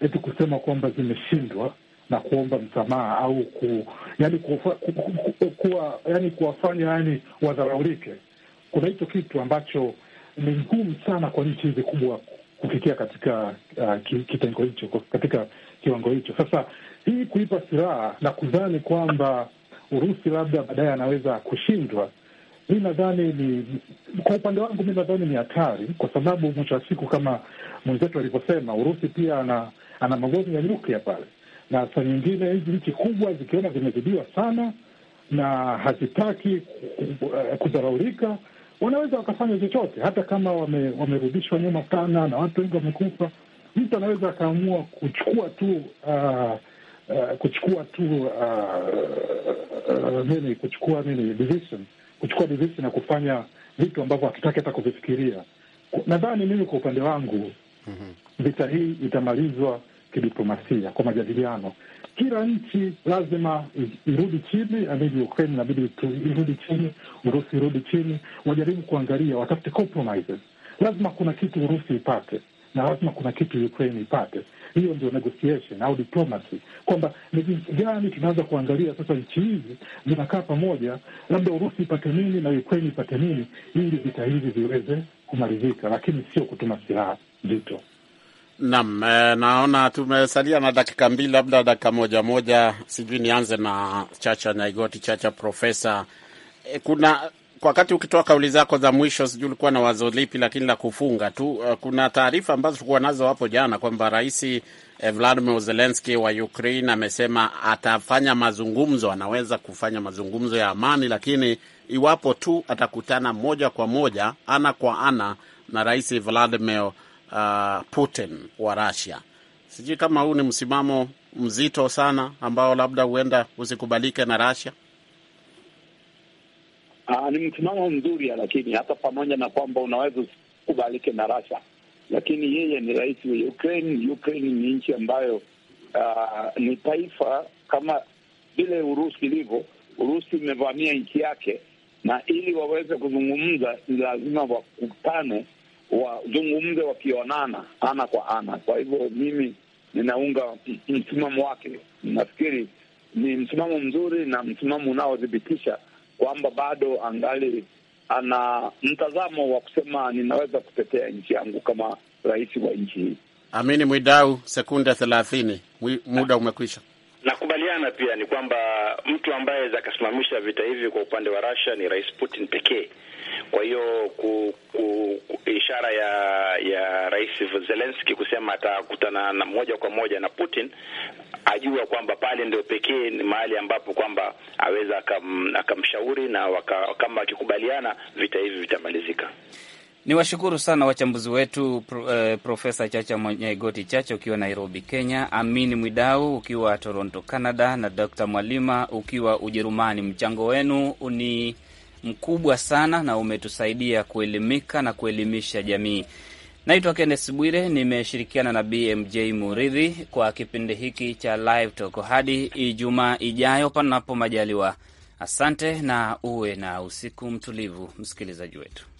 eti kusema kwamba zimeshindwa na kuomba msamaha au ku, yani kuwa, yani kuwafanya yani wadharaulike. Kuna hicho kitu ambacho ni ngumu sana kwa nchi hizi kubwa kufikia katika uh, kitengo hicho katika kiwango hicho. Sasa hii kuipa silaha na kudhani kwamba Urusi labda baadaye anaweza kushindwa, mi nadhani ni, kwa upande wangu mi nadhani ni hatari, kwa sababu mwisho wa siku kama mwenzetu alivyosema, Urusi pia ana ana magozi ya nyuklia pale, na saa nyingine hizi nchi kubwa zikiona zimezidiwa sana na hazitaki eh, kudharaulika, wanaweza wakafanya chochote, hata kama wame, wamerudishwa nyuma sana na watu wengi wamekufa, mtu anaweza akaamua kuchukua tu uh, Eh, kuchukua tu uh, uh, nini kuchukua nini division, kuchukua division ya kufanya vitu ambavyo hatutaki hata kuvifikiria. Nadhani mimi kwa upande wangu mhm. vita hii itamalizwa kidiplomasia kwa majadiliano. Kila nchi lazima irudi chini, amini Ukraine inabidi irudi chini, Urusi irudi chini, wajaribu kuangalia, watafute compromises. Lazima kuna kitu Urusi ipate na lazima kuna kitu Ukraine ipate hiyo ndio negotiation au diplomacy, kwamba ni jinsi gani tunaanza kuangalia sasa nchi hizi zinakaa pamoja, labda Urusi ipate nini na Ukraine ipate nini, ili vita hivi viweze kumalizika, lakini sio kutuma silaha nzito. Naam, eh, naona tumesalia na dakika mbili, labda dakika moja moja, sijui nianze na Chacha Naigoti. Chacha Profesa, eh, kuna wakati ukitoa kauli zako za mwisho, sijui ulikuwa na wazo lipi, lakini la kufunga tu, uh, kuna taarifa ambazo tulikuwa nazo hapo jana kwamba rais eh, Vladimir Zelenski wa Ukraine amesema atafanya mazungumzo, anaweza kufanya mazungumzo ya amani, lakini iwapo tu atakutana moja kwa moja, ana kwa ana na rais Vladimir uh, Putin wa Russia. Sijui kama huu ni msimamo mzito sana ambao labda huenda usikubalike na Russia. Aa, ah, ni msimamo mzuri, lakini hata pamoja na kwamba unaweza usikubalike na Rasha, lakini yeye ni rais wa Ukraine. Ukraine ni nchi ambayo aa, ah, ni taifa kama vile Urusi ilivyo. Urusi imevamia nchi yake, na ili waweze kuzungumza ni lazima wakutane, wazungumze wakionana ana kwa ana. Kwa hivyo mimi ninaunga msimamo wake, nafikiri ni msimamo mzuri na msimamo unaothibitisha kwamba bado angali ana mtazamo wa kusema ninaweza kutetea nchi yangu kama rais wa nchi hii. Amini Mwidau, sekunde thelathini, muda umekwisha. Nakubaliana pia ni kwamba mtu ambaye aweza akasimamisha vita hivi kwa upande wa Russia ni Rais Putin pekee. Kwa hiyo ku, ku, ku, ishara ya ya Rais Zelensky kusema atakutana na moja kwa moja na Putin, ajua kwamba pale ndio pekee ni mahali ambapo kwamba aweza akam, akamshauri na waka, kama akikubaliana vita hivi vitamalizika. Ni washukuru sana wachambuzi wetu pro, eh, Profesa Chacha goti Chacha ukiwa Nairobi, Kenya, Amini Mwidau ukiwa Toronto, Canada, na Dr Mwalima ukiwa Ujerumani. Mchango wenu ni mkubwa sana na umetusaidia kuelimika na kuelimisha jamii. Naitwa Kennes Bwire, nimeshirikiana na BMJ Muridhi kwa kipindi hiki cha Live Talk hadi Ijumaa ijayo, panapo majaliwa. Asante na uwe na usiku mtulivu, msikilizaji wetu.